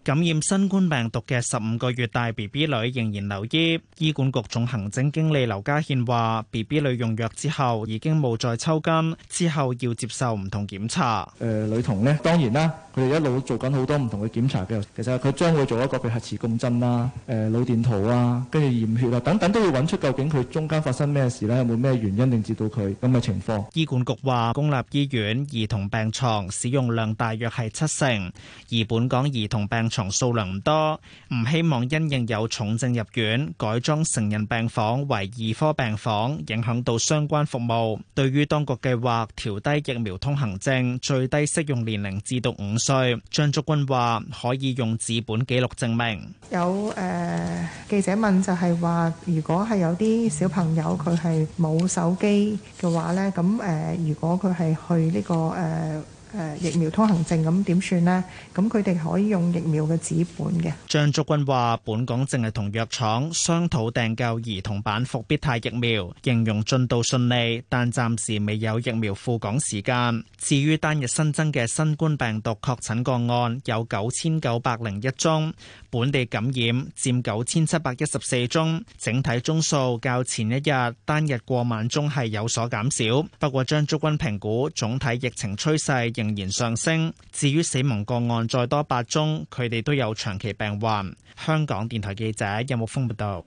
感染新冠病毒嘅十五個月大 BB 女仍然留醫，醫管局總行政經理劉家憲話，BB 女用藥之後已經冇再抽筋，之後要接受唔同檢查。誒、呃，女童呢？當然啦，佢哋一路做緊好多唔同嘅檢查嘅，其實佢將會做一個核磁共振啦，誒、呃，腦電圖啊，跟住驗血啊，等等都要揾出究竟佢中間發生咩事啦，有冇咩原因令致到佢咁嘅情況。醫管局話，公立醫院兒童病床使用量大約係七成，而本港兒童病。床數量唔多，唔希望因應有重症入院，改裝成人病房為兒科病房，影響到相關服務。對於當局計劃調低疫苗通行證最低適用年齡至到五歲，張竹君話可以用紙本記錄證明。有誒記者問就係話，如果係有啲小朋友佢係冇手機嘅話咧，咁誒如果佢係去呢個誒。嗯、疫苗通行證咁點算咧？咁佢哋可以用疫苗嘅紙本嘅。張竹君話：本港淨係同藥廠商討訂購兒童版復必泰疫苗，形容進度順利，但暫時未有疫苗赴港時間。至於單日新增嘅新冠病毒確診個案有九千九百零一宗，本地感染佔九千七百一十四宗，整體宗數較前一日單日過萬宗係有所減少。不過張竹君評估總體疫情趨勢，仍然上升，至於死亡個案再多八宗，佢哋都有長期病患。香港電台記者任木峯報道。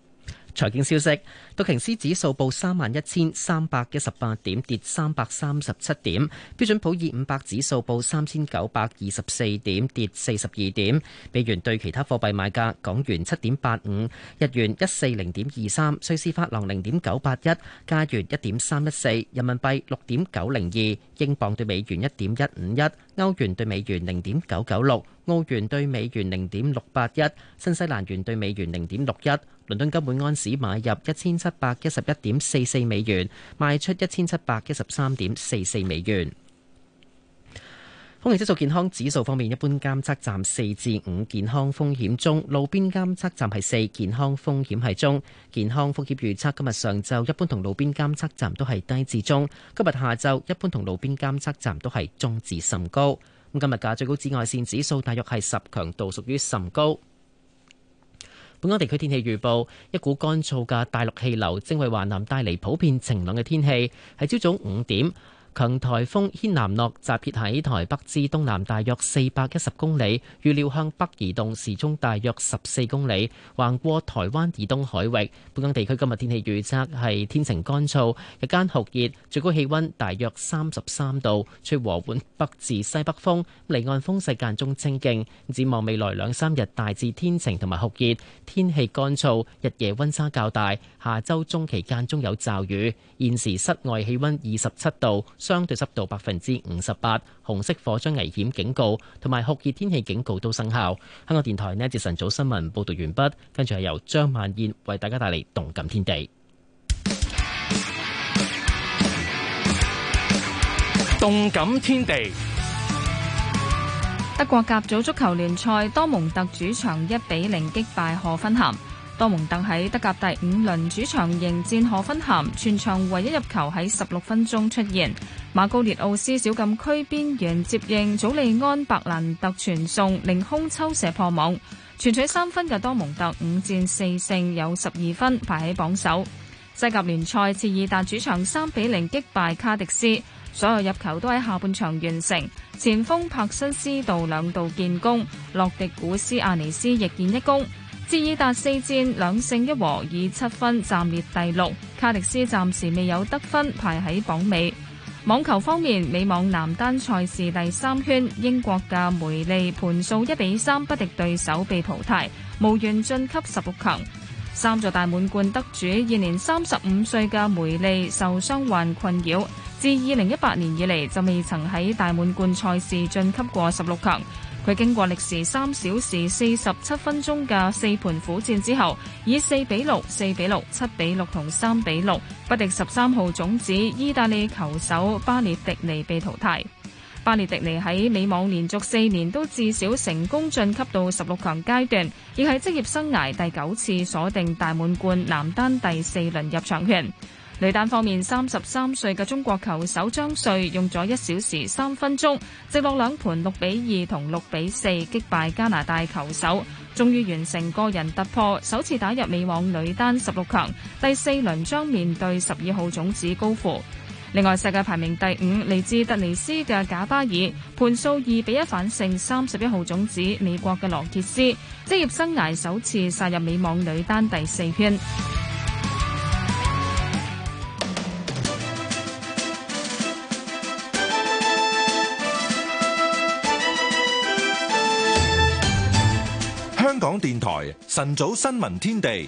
財經消息：道瓊斯指數報三萬一千三百一十八點，跌三百三十七點；標準普爾五百指數報三千九百二十四點，跌四十二點。美元對其他貨幣賣價：港元七點八五，日元一四零點二三，瑞士法郎零點九八一，加元一點三一四，人民幣六點九零二，英鎊對美元一點一五一，歐元對美元零點九九六，澳元對美元零點六八一，新西蘭元對美元零點六一。倫敦金本安士買入一千七百一十一點四四美元，賣出一千七百一十三點四四美元。空氣質素健康指數方面，一般監測站四至五健康風險中，路邊監測站係四健康風險係中。健康風險預測今日上晝一般同路邊監測站都係低至中，今日下晝一般同路邊監測站都係中至甚高。咁今日嘅最高紫外線指數大約係十，強度屬於甚高。本港地區天氣預報：一股乾燥嘅大陸氣流正為華南帶嚟普遍晴朗嘅天氣，喺朝早五點。強颱風軒嵐諾集結喺台北至東南，大約四百一十公里，預料向北移動時速大約十四公里，橫過台灣以東海域。本港地區今日天氣預測係天晴乾燥，日間酷熱，最高氣溫大約三十三度，吹和緩北至西北風，離岸風勢間中清勁。展望未來兩三日大致天晴同埋酷熱，天氣乾燥，日夜溫差較大。下周中期間中有驟雨。現時室外氣溫二十七度。相對濕度百分之五十八，紅色火災危險警告同埋酷熱天氣警告都生效。香港電台呢節晨早新聞報道完畢，跟住係由張萬燕為大家帶嚟動感天地。動感天地。德國甲組足球聯賽多蒙特主場一比零擊敗荷芬咸。多蒙特喺德甲第五輪主場迎戰荷芬咸，全場唯一入球喺十六分鐘出現。馬高列奧斯小禁區邊緣接應，祖利安白蘭特傳送，凌空抽射破網，全取三分嘅多蒙特五戰四勝，有十二分排喺榜首。西甲聯賽切爾達主場三比零擊敗卡迪斯，所有入球都喺下半場完成。前鋒帕辛斯道兩度建功，洛迪古斯阿尼斯亦建一功。切爾達四戰兩勝一和，以七分暫列第六。卡迪斯暫時未有得分，排喺榜尾。網球方面，美網男單賽事第三圈，英國嘅梅利盤數一比三不敵對手被淘汰，無緣晉級十六強。三座大滿貫得主，現年三十五歲嘅梅利受傷患困擾，自二零一八年以嚟就未曾喺大滿貫賽事晉級過十六強。佢經過歷時三小時四十七分鐘嘅四盤苦戰之後，以四比六、四比六、七比六同三比六，不敵十三號種子意大利球手巴列迪尼被淘汰。巴列迪尼喺美網連續四年都至少成功晉級到十六強階段，亦係職業生涯第九次鎖定大滿貫男單第四輪入場券。女單方面，三十三歲嘅中國球手張帥用咗一小時三分鐘，直落兩盤六比二同六比四擊敗加拿大球手，終於完成個人突破，首次打入美網女單十六強。第四輪將面對十二號種子高芙。另外，世界排名第五、嚟自突尼斯嘅賈巴爾，盤數二比一反勝三十一號種子美國嘅羅傑斯，職業生涯首次殺入美網女單第四圈。香港電台晨早新聞天地。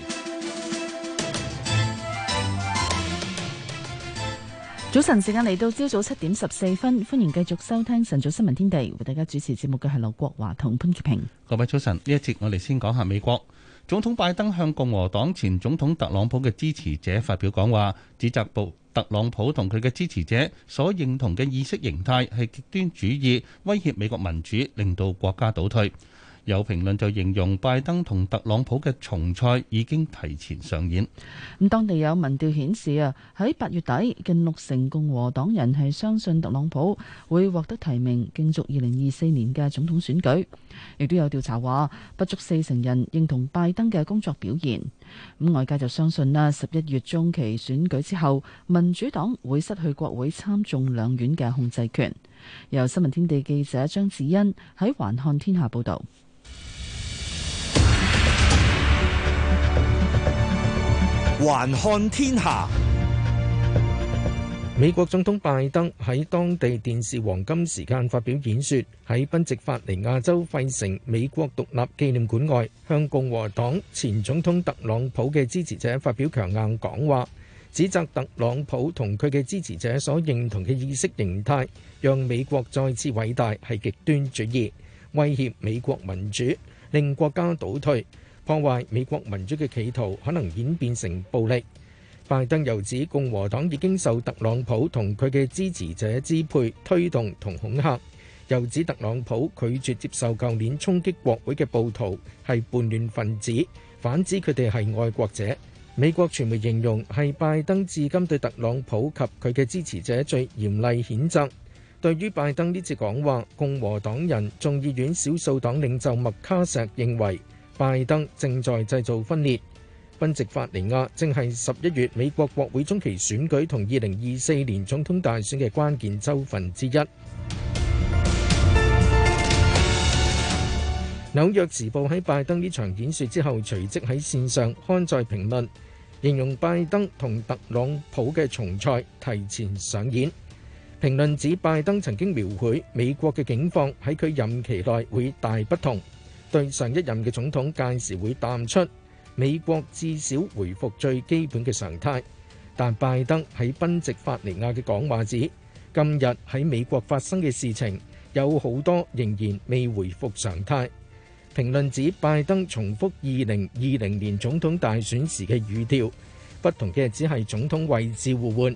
早晨，時間嚟到朝早七點十四分，歡迎繼續收聽晨早新聞天地，為大家主持節目嘅係劉國華同潘潔平。各位早晨，呢一節我哋先講下美國總統拜登向共和黨前總統特朗普嘅支持者發表講話，指責部特朗普同佢嘅支持者所認同嘅意識形態係極端主義，威脅美國民主，令到國家倒退。有評論就形容拜登同特朗普嘅重賽已經提前上演。咁，當地有民調顯示啊，喺八月底，近六成共和黨人係相信特朗普會獲得提名，競逐二零二四年嘅總統選舉。亦都有調查話，不足四成人認同拜登嘅工作表現。咁，外界就相信啦，十一月中期選舉之後，民主黨會失去國會參眾兩院嘅控制權。由新聞天地記者張子欣喺環看天下報導。還看天下。美國總統拜登喺當地電視黃金時間發表演說，喺賓夕法尼亞州費城美國獨立紀念館外，向共和黨前總統特朗普嘅支持者發表強硬講話，指責特朗普同佢嘅支持者所認同嘅意識形態，讓美國再次偉大係極端主義，威脅美國民主，令國家倒退。破壞美國民主嘅企圖，可能演變成暴力。拜登又指共和黨已經受特朗普同佢嘅支持者支配、推動同恐嚇，又指特朗普拒絕接受舊年衝擊國會嘅暴徒係叛亂分子，反指佢哋係愛國者。美國傳媒形容係拜登至今對特朗普及佢嘅支持者最嚴厲譴責。對於拜登呢次講話，共和黨人、眾議院少數黨領袖麥卡錫認為，拜登正在製造分裂。賓夕法尼亞正係十一月美國國會中期選舉同二零二四年總統大選嘅關鍵州份之一。紐約時報喺拜登呢場演說之後隨即喺線上刊載評論，形容拜登同特朗普嘅重賽提前上演。評論指拜登曾經描繪美國嘅境況喺佢任期內會大不同。對上一任嘅總統屆時會淡出美國，至少回復最基本嘅常態。但拜登喺賓夕法尼亞嘅講話指，今日喺美國發生嘅事情有好多仍然未回復常態。評論指拜登重複二零二零年總統大選時嘅語調，不同嘅只係總統位置互換。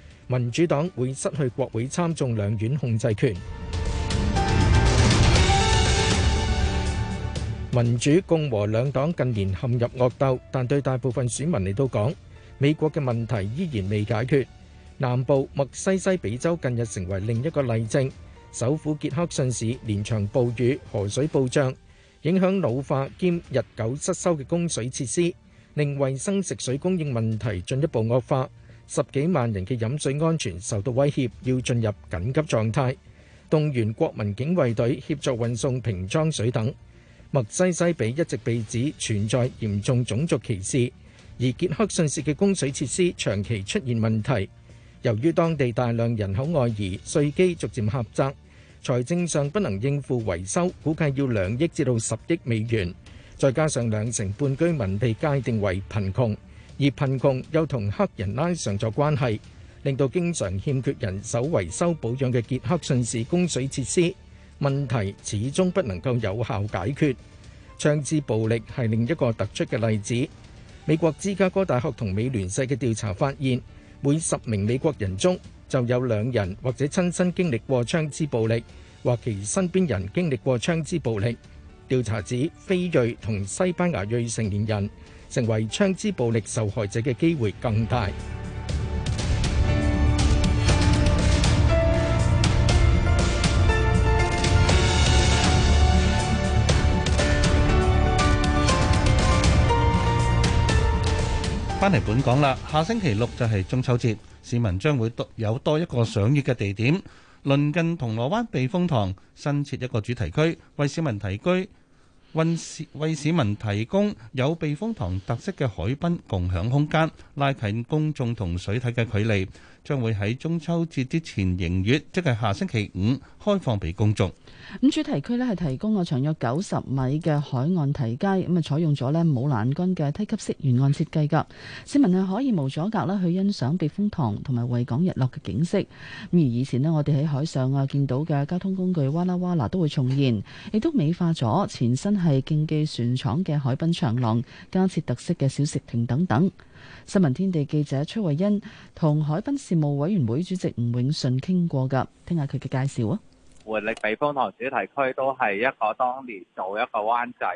民主黨會失去國會參眾兩院控制權。民主共和兩黨近年陷入惡鬥，但對大部分選民嚟到講，美國嘅問題依然未解決。南部密西西比州近日成為另一個例證，首府傑克遜市連場暴雨，河水暴漲，影響老化兼日久失修嘅供水設施，令衞生食水供應問題進一步惡化。十幾萬人嘅飲水安全受到威脅，要進入緊急狀態，動員國民警衛隊協助運送瓶裝水等。密西西比一直被指存在嚴重種族歧視，而傑克遜市嘅供水設施長期出現問題，由於當地大量人口外移，稅基逐漸狹窄，財政上不能應付維修，估計要兩億至到十億美元，再加上兩成半居民被界定為貧窮。而貧窮又同黑人拉上咗關係，令到經常欠缺人手維修保養嘅傑克遜市供水設施問題始終不能夠有效解決。槍支暴力係另一個突出嘅例子。美國芝加哥大學同美聯社嘅調查發現，每十名美國人中就有兩人或者親身經歷過槍支暴力，或其身邊人經歷過槍支暴力。調查指非裔同西班牙裔成年人，成為槍支暴力受害者嘅機會更大。翻嚟本港啦，下星期六就係中秋節，市民將會多有多一個賞月嘅地點。鄰近銅鑼灣避風塘新設一個主題區，為市民提供。為市民提供有避風塘特色嘅海濱共享空間，拉近公眾同水體嘅距離。將會喺中秋節之前迎月，即係下星期五開放俾公眾。咁主題區咧係提供個長約九十米嘅海岸堤街，咁啊採用咗呢冇欄杆嘅梯級式沿岸設計㗎。市民係可以無阻隔啦去欣賞避風塘同埋維港日落嘅景色。咁而以前呢，我哋喺海上啊見到嘅交通工具哇啦哇啦都會重現，亦都美化咗前身係競技船廠嘅海濱長廊，加設特色嘅小食亭等等。新聞天地記者崔慧欣同海濱事務委員會主席吳永順傾過噶聽下佢嘅介紹啊。活力避風塘主題區都係一個當年做一個灣仔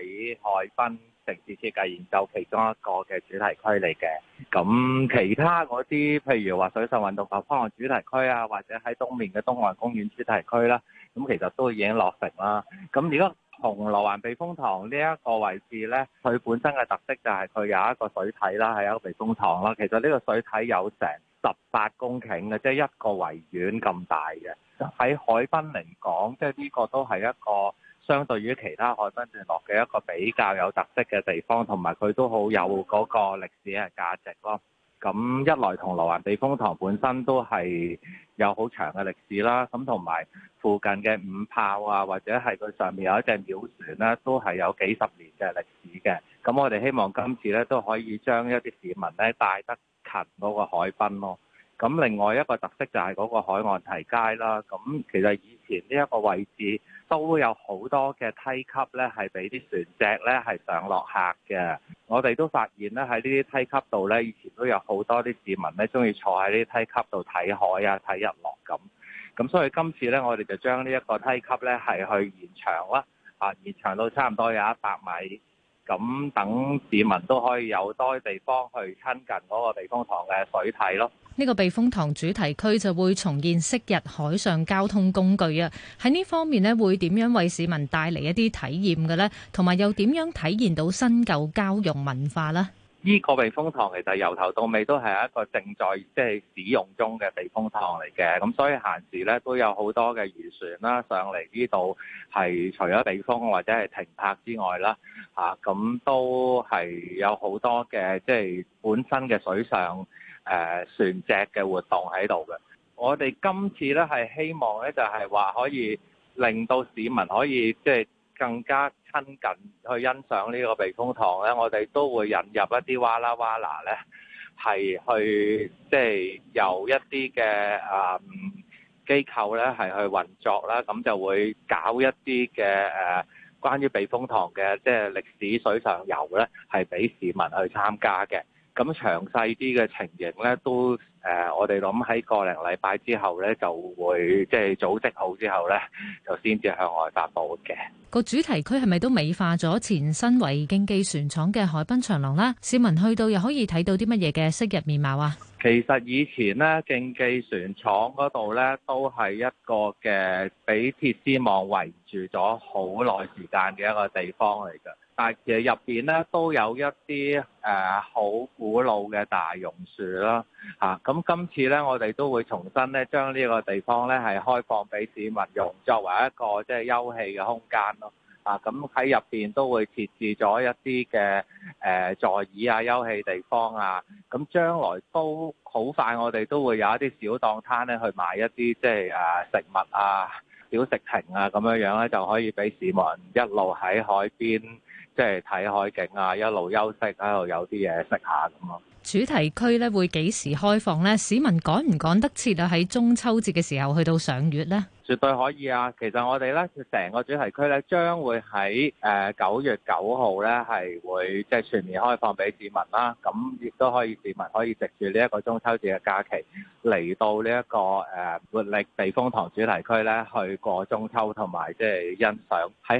海濱城市設計研究其中一個嘅主題區嚟嘅，咁其他嗰啲譬如話水上運動北方主題區啊，或者喺東面嘅東岸公園主題區啦、啊，咁其實都已經落成啦。咁如果銅鑼灣避風塘呢一個位置呢，佢本身嘅特色就係佢有一個水體啦，係一個避風塘啦。其實呢個水體有成十八公頃嘅，即係一個維園咁大嘅。喺海濱嚟講，即係呢個都係一個相對於其他海濱建築嘅一個比較有特色嘅地方，同埋佢都好有嗰個歷史嘅價值咯。咁一來銅鑼灣避風塘本身都係有好長嘅歷史啦，咁同埋附近嘅午炮啊，或者係佢上面有一隻廟船咧、啊，都係有幾十年嘅歷史嘅。咁我哋希望今次咧都可以將一啲市民咧帶得近嗰個海濱咯。咁另外一個特色就係嗰個海岸堤街啦。咁其實以前呢一個位置都有好多嘅梯級咧，係俾啲船隻咧係上落客嘅。我哋都發現咧喺呢啲梯級度咧，以前都有好多啲市民咧中意坐喺呢啲梯級度睇海啊、睇日落咁。咁所以今次咧，我哋就將呢一個梯級咧係去延長啦，啊延長到差唔多有一百米，咁等市民都可以有多地方去親近嗰個避風塘嘅水體咯。呢個避風塘主題區就會重現昔日海上交通工具啊！喺呢方面咧，會點樣為市民帶嚟一啲體驗嘅咧？同埋又點樣體現到新舊交融文化呢？呢個避風塘其實由頭到尾都係一個正在即係、就是、使用中嘅避風塘嚟嘅，咁所以閒時咧都有好多嘅漁船啦上嚟呢度，係除咗避風或者係停泊之外啦，嚇、啊、咁都係有好多嘅即係本身嘅水上。誒、uh，船隻嘅活動喺度嘅，我哋今次咧係希望咧就係、是、話可以令到市民可以即係、就是、更加親近去欣賞呢個避風塘咧，我哋都會引入一啲嘩啦嘩啦咧，係去即係由一啲嘅啊機構咧係去運作啦，咁就會搞一啲嘅誒關於避風塘嘅即係歷史水上游咧，係俾市民去參加嘅。咁詳細啲嘅情形咧，都誒、呃，我哋諗喺個零禮拜之後咧，就會即係組織好之後咧，就先至向外發布嘅。個主題區係咪都美化咗前身為競技船廠嘅海濱長廊啦？市民去到又可以睇到啲乜嘢嘅昔日面貌啊？其實以前咧，競技船廠嗰度咧，都係一個嘅俾鐵絲網圍住咗好耐時間嘅一個地方嚟嘅。但係其實入邊咧都有一啲誒好古老嘅大榕樹啦，嚇、啊。咁今次咧，我哋都會重新咧將呢個地方咧係開放俾市民用，作為一個即係休憩嘅空間咯。啊，咁喺入邊都會設置咗一啲嘅誒座椅啊、休憩地方啊。咁、啊、將來都好快，我哋都會有一啲小檔攤咧，去買一啲即係誒、啊、食物啊、小食亭啊咁樣樣咧，就可以俾市民一路喺海邊即係睇海景啊，一路休息，喺度有啲嘢食下咁咯、啊。主題區咧會幾時開放呢？市民趕唔趕得切啊？喺中秋節嘅時候去到賞月呢？絕對可以啊！其實我哋咧成個主題區咧，將會喺誒九月九號咧係會即係、就是、全面開放俾市民啦、啊。咁亦都可以，市民可以藉住呢一個中秋節嘅假期嚟到呢、這、一個誒活、呃、力避風塘主題區咧去過中秋，同埋即係欣賞喺海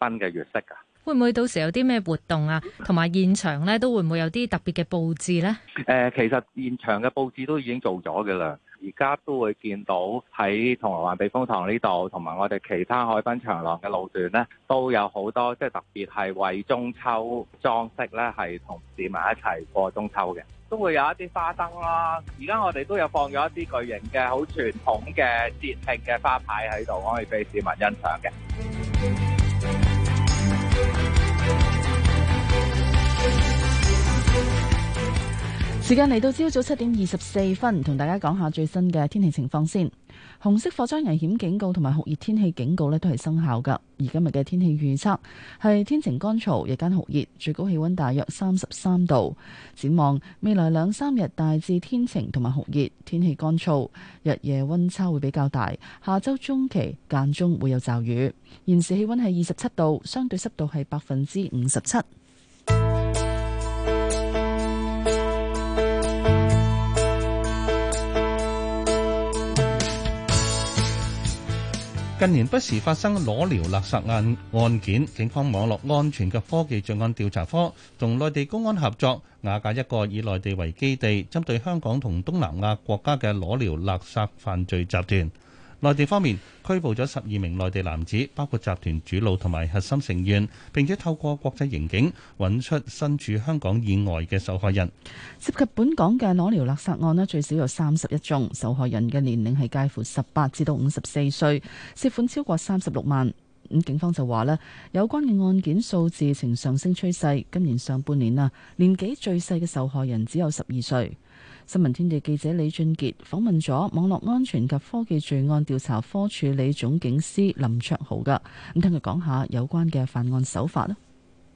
濱嘅月色噶。會唔會到時有啲咩活動啊？同埋現場咧都會唔會有啲特別嘅布置呢？誒、呃，其實現場嘅布置都已經做咗嘅啦。而家都會見到喺銅鑼灣避風塘呢度，同埋我哋其他海濱長廊嘅路段咧，都有好多即係特別係為中秋裝飾咧，係同市民一齊過中秋嘅。都會有一啲花燈啦。而家我哋都有放咗一啲巨型嘅好傳統嘅節慶嘅花牌喺度，可以俾市民欣賞嘅。時間嚟到朝早七點二十四分，同大家講下最新嘅天氣情況先。紅色火災危險警告同埋酷熱天氣警告咧都係生效㗎。而今日嘅天氣預測係天晴乾燥，日間酷熱，最高氣溫大約三十三度。展望未來兩三日大致天晴同埋酷熱，天氣乾燥，日夜溫差會比較大。下周中期間中會有驟雨。現時氣溫係二十七度，相對濕度係百分之五十七。近年不時發生裸聊勒索案案件，警方網絡安全及科技罪案調查科同內地公安合作，瓦解一個以內地為基地、針對香港同東南亞國家嘅裸聊勒索犯罪集團。內地方面拘捕咗十二名內地男子，包括集團主腦同埋核心成員，並且透過國際刑警揾出身處香港以外嘅受害人。涉及本港嘅裸聊勒索案咧，最少有三十一宗，受害人嘅年齡係介乎十八至到五十四歲，涉款超過三十六萬。咁警方就話咧，有關嘅案件數字呈上升趨勢，今年上半年啊，年紀最細嘅受害人只有十二歲。新聞天地記者李俊杰訪問咗網絡安全及科技罪案調查科處理總警司林卓豪噶，咁聽佢講下有關嘅犯案手法啦。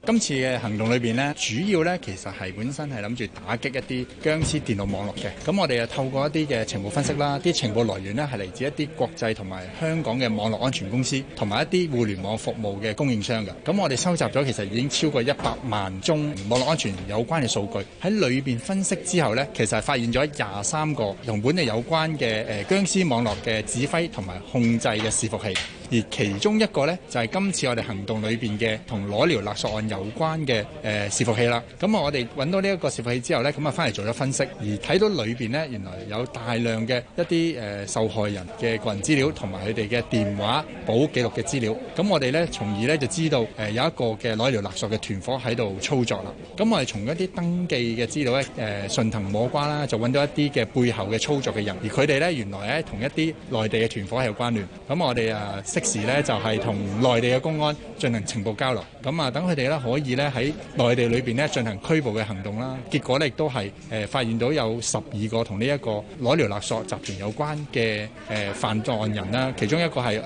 今次嘅行動裏邊咧，主要咧其實係本身係諗住打擊一啲殭屍電腦網絡嘅。咁我哋又透過一啲嘅情報分析啦，啲情報來源咧係嚟自一啲國際同埋香港嘅網絡安全公司，同埋一啲互聯網服務嘅供應商嘅。咁我哋收集咗其實已經超過一百萬宗網絡安全有關嘅數據，喺裏邊分析之後咧，其實係發現咗廿三個同本地有關嘅誒殭屍網絡嘅指揮同埋控制嘅伺服器，而其中一個咧就係今次我哋行動裏邊嘅同裸聊勒索案。有關嘅誒、呃、伺服器啦，咁啊，我哋揾到呢一個伺服器之後呢，咁啊，翻嚟做咗分析，而睇到裏邊呢，原來有大量嘅一啲誒、呃、受害人嘅個人資料同埋佢哋嘅電話簿記錄嘅資料，咁我哋呢，從而呢就知道誒有、呃、一個嘅裸聊勒索嘅團伙喺度操作啦。咁我哋從一啲登記嘅資料呢，誒、呃、順藤摸瓜啦，就揾到一啲嘅背後嘅操作嘅人，而佢哋呢，原來呢，同一啲內地嘅團伙係有關聯。咁我哋誒適時呢，就係、是、同內地嘅公安進行情報交流。咁啊，等佢哋啦。可以咧喺內地裏邊咧進行拘捕嘅行動啦，結果咧亦都係誒發現到有十二個同呢一個裸聊勒索集團有關嘅誒犯案人啦，其中一個係誒集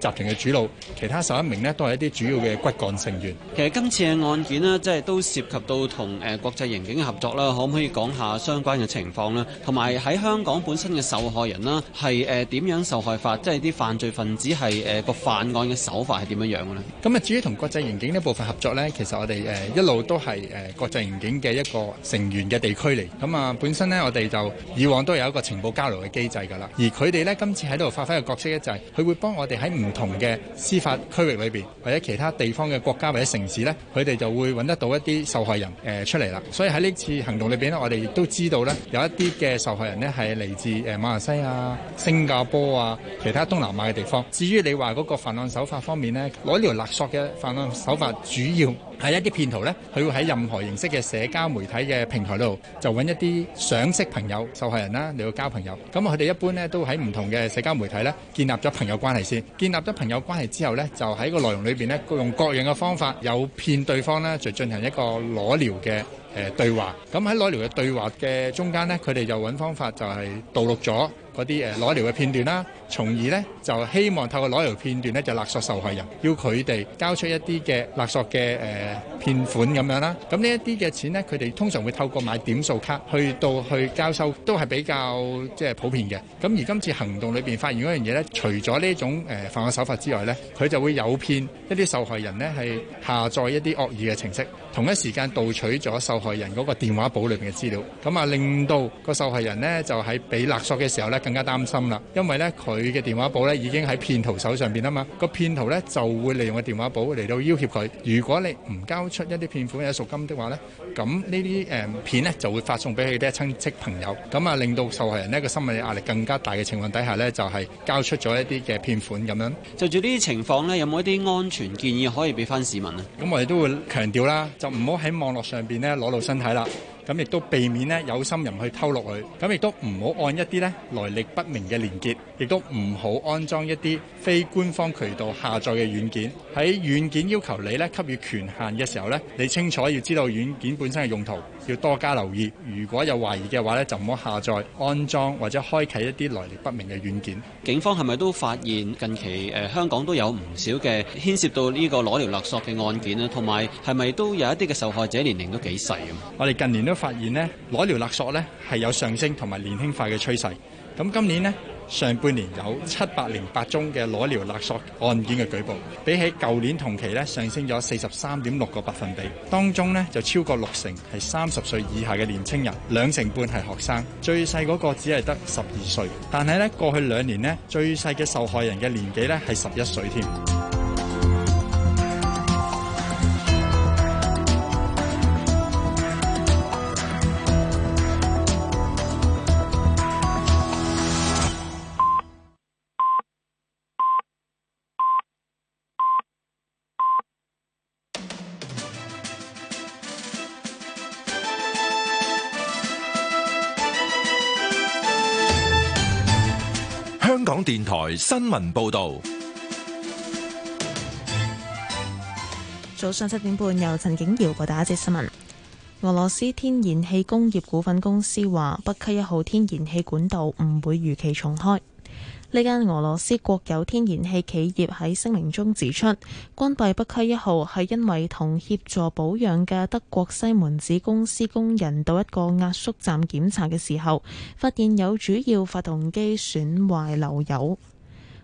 團嘅主腦，其他十一名咧都係一啲主要嘅骨幹成員。其實今次嘅案件呢，即係都涉及到同誒國際刑警嘅合作啦，可唔可以講下相關嘅情況咧？同埋喺香港本身嘅受害人啦，係誒點樣受害法？即係啲犯罪分子係誒個犯案嘅手法係點樣樣嘅呢？咁啊，至於同國際刑警呢部分合作咧？其實我哋誒一路都係誒國際刑警嘅一個成員嘅地區嚟，咁啊本身呢，我哋就以往都有一個情報交流嘅機制噶啦，而佢哋呢，今次喺度發揮嘅角色呢，就係，就係佢會幫我哋喺唔同嘅司法區域裏邊或者其他地方嘅國家或者城市呢，佢哋就會揾得到一啲受害人誒，呃、出嚟啦。所以喺呢次行動裏邊呢，我哋亦都知道呢，有一啲嘅受害人呢，係嚟自誒馬來西亞、新加坡、啊其他東南亞嘅地方。至於你話嗰個犯案手法方面呢，攞呢條勒索嘅犯案手法主要。係一啲騙徒咧，佢會喺任何形式嘅社交媒體嘅平台度，就揾一啲想識朋友、受害人啦嚟到交朋友。咁啊，佢哋一般咧都喺唔同嘅社交媒體咧建立咗朋友關係先。建立咗朋友關係之後咧，就喺個內容裏邊咧，用各樣嘅方法有騙對方啦，就進行一個裸聊嘅誒對話。咁喺裸聊嘅對話嘅中間咧，佢哋又揾方法就係盜錄咗。嗰啲誒裸聊嘅片段啦，從而呢就希望透過裸聊片段呢，就勒索受害人，要佢哋交出一啲嘅勒索嘅誒騙款咁樣啦。咁呢一啲嘅錢呢，佢哋通常會透過買點數卡去到去交收，都係比較即係、就是、普遍嘅。咁而今次行動裏邊發現嗰樣嘢呢，除咗呢種誒犯罪手法之外呢，佢就會誘騙一啲受害人呢，係下載一啲惡意嘅程式，同一時間盜取咗受害人嗰個電話簿裏邊嘅資料，咁啊令到個受害人呢，就喺俾勒索嘅時候呢。更加擔心啦，因為咧佢嘅電話簿咧已經喺騙徒手上邊啊嘛，個騙徒咧就會利用個電話簿嚟到要挾佢，如果你唔交出一啲騙款或者贖金的話咧，咁、呃、呢啲誒片咧就會發送俾佢啲親戚朋友，咁啊令到受害人呢個心理壓力更加大嘅情況底下咧，就係、是、交出咗一啲嘅騙款咁樣。就住呢啲情況咧，有冇一啲安全建議可以俾翻市民啊？咁我哋都會強調啦，就唔好喺網絡上邊咧裸露身體啦。咁亦都避免呢有心人去偷錄佢，咁亦都唔好按一啲呢來歷不明嘅連結，亦都唔好安裝一啲非官方渠道下載嘅軟件。喺軟件要求你呢給予權限嘅時候呢，你清楚要知道軟件本身嘅用途，要多加留意。如果有懷疑嘅話呢，就唔好下載、安裝或者開啟一啲來歷不明嘅軟件。警方係咪都發現近期誒香港都有唔少嘅牽涉到呢個裸聊勒索嘅案件呢？同埋係咪都有一啲嘅受害者年齡都幾細啊？我哋近年都～發現咧，裸聊勒索咧係有上升同埋年輕化嘅趨勢。咁今年咧上半年有七百零八宗嘅裸聊勒索案件嘅舉報，比起舊年同期咧上升咗四十三點六個百分比。當中咧就超過六成係三十歲以下嘅年青人，兩成半係學生，最細嗰個只係得十二歲。但係咧過去兩年咧最細嘅受害人嘅年紀咧係十一歲添。台新聞報道，早上七點半由陳景瑤報道一節新聞。俄羅斯天然氣工業股份公司話，北溪一號天然氣管道唔會如期重開。呢間俄羅斯國有天然氣企業喺聲明中指出，關閉北溪一號係因為同協助保養嘅德國西門子公司工人到一個壓縮站檢查嘅時候，發現有主要發動機損壞漏油。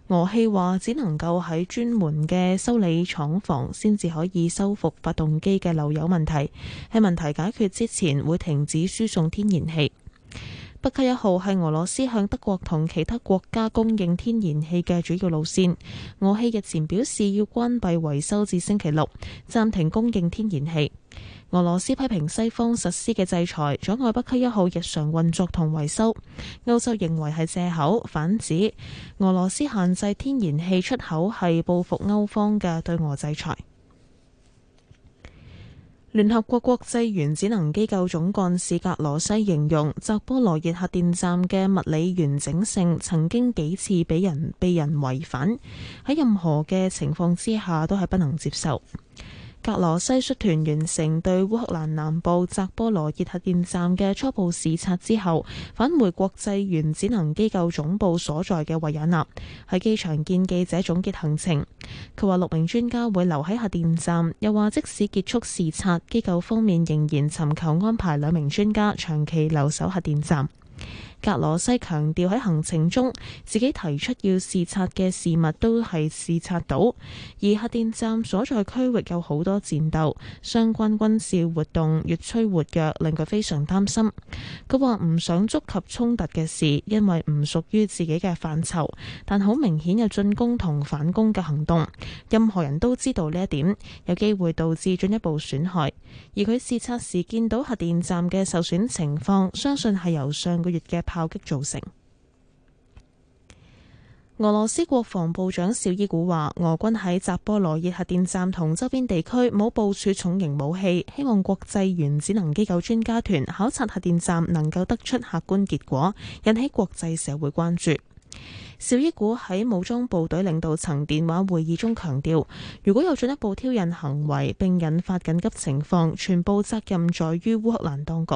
俄氣話只能夠喺專門嘅修理廠房先至可以修復發動機嘅漏油問題，喺問題解決之前會停止輸送天然氣。北溪一號係俄羅斯向德國同其他國家供應天然氣嘅主要路線。俄氣日前表示要關閉維修至星期六，暫停供應天然氣。俄羅斯批評西方實施嘅制裁，阻礙北溪一號日常運作同維修，歐洲認為係藉口，反指俄羅斯限制天然氣出口係報復歐方嘅對俄制裁。聯合國國際原子能機構總幹事格羅西形容，扎波羅熱核電站嘅物理完整性曾經幾次俾人俾人違反，喺任何嘅情況之下都係不能接受。格羅西率團完成對烏克蘭南部扎波羅熱核電站嘅初步視察之後，返回國際原子能機構總部所在嘅維也納。喺機場見記者總結行程，佢話六名專家會留喺核電站，又話即使結束視察，機構方面仍然尋求安排兩名專家長期留守核電站。格羅西強調喺行程中，自己提出要視察嘅事物都係視察到，而核電站所在區域有好多戰鬥，相關軍事活動越趨活躍，令佢非常擔心。佢話唔想觸及衝突嘅事，因為唔屬於自己嘅範疇，但好明顯有進攻同反攻嘅行動，任何人都知道呢一點，有機會導致進一步損害。而佢視察時見到核電站嘅受損情況，相信係由上個月嘅炮擊造成俄羅斯國防部長紹伊古話，俄軍喺扎波羅熱核電站同周邊地區冇部署重型武器，希望國際原子能機構專家團考察核電站，能夠得出客觀結果，引起國際社會關注。紹伊古喺武裝部隊領導層電話會議中強調，如果有進一步挑釁行為並引發緊急情況，全部責任在於烏克蘭當局。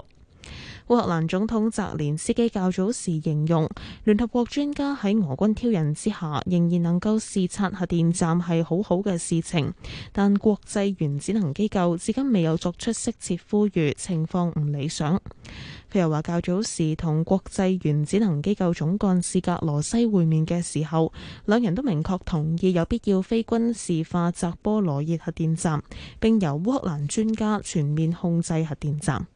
烏克蘭總統澤連斯基較早時形容，聯合國專家喺俄軍挑釁之下，仍然能夠視察核電站係好好嘅事情。但國際原子能機構至今未有作出適切呼籲，情況唔理想。佢又話，較早時同國際原子能機構總幹事格羅西會面嘅時候，兩人都明確同意有必要非軍事化扎波羅熱核電站，並由烏克蘭專家全面控制核電站。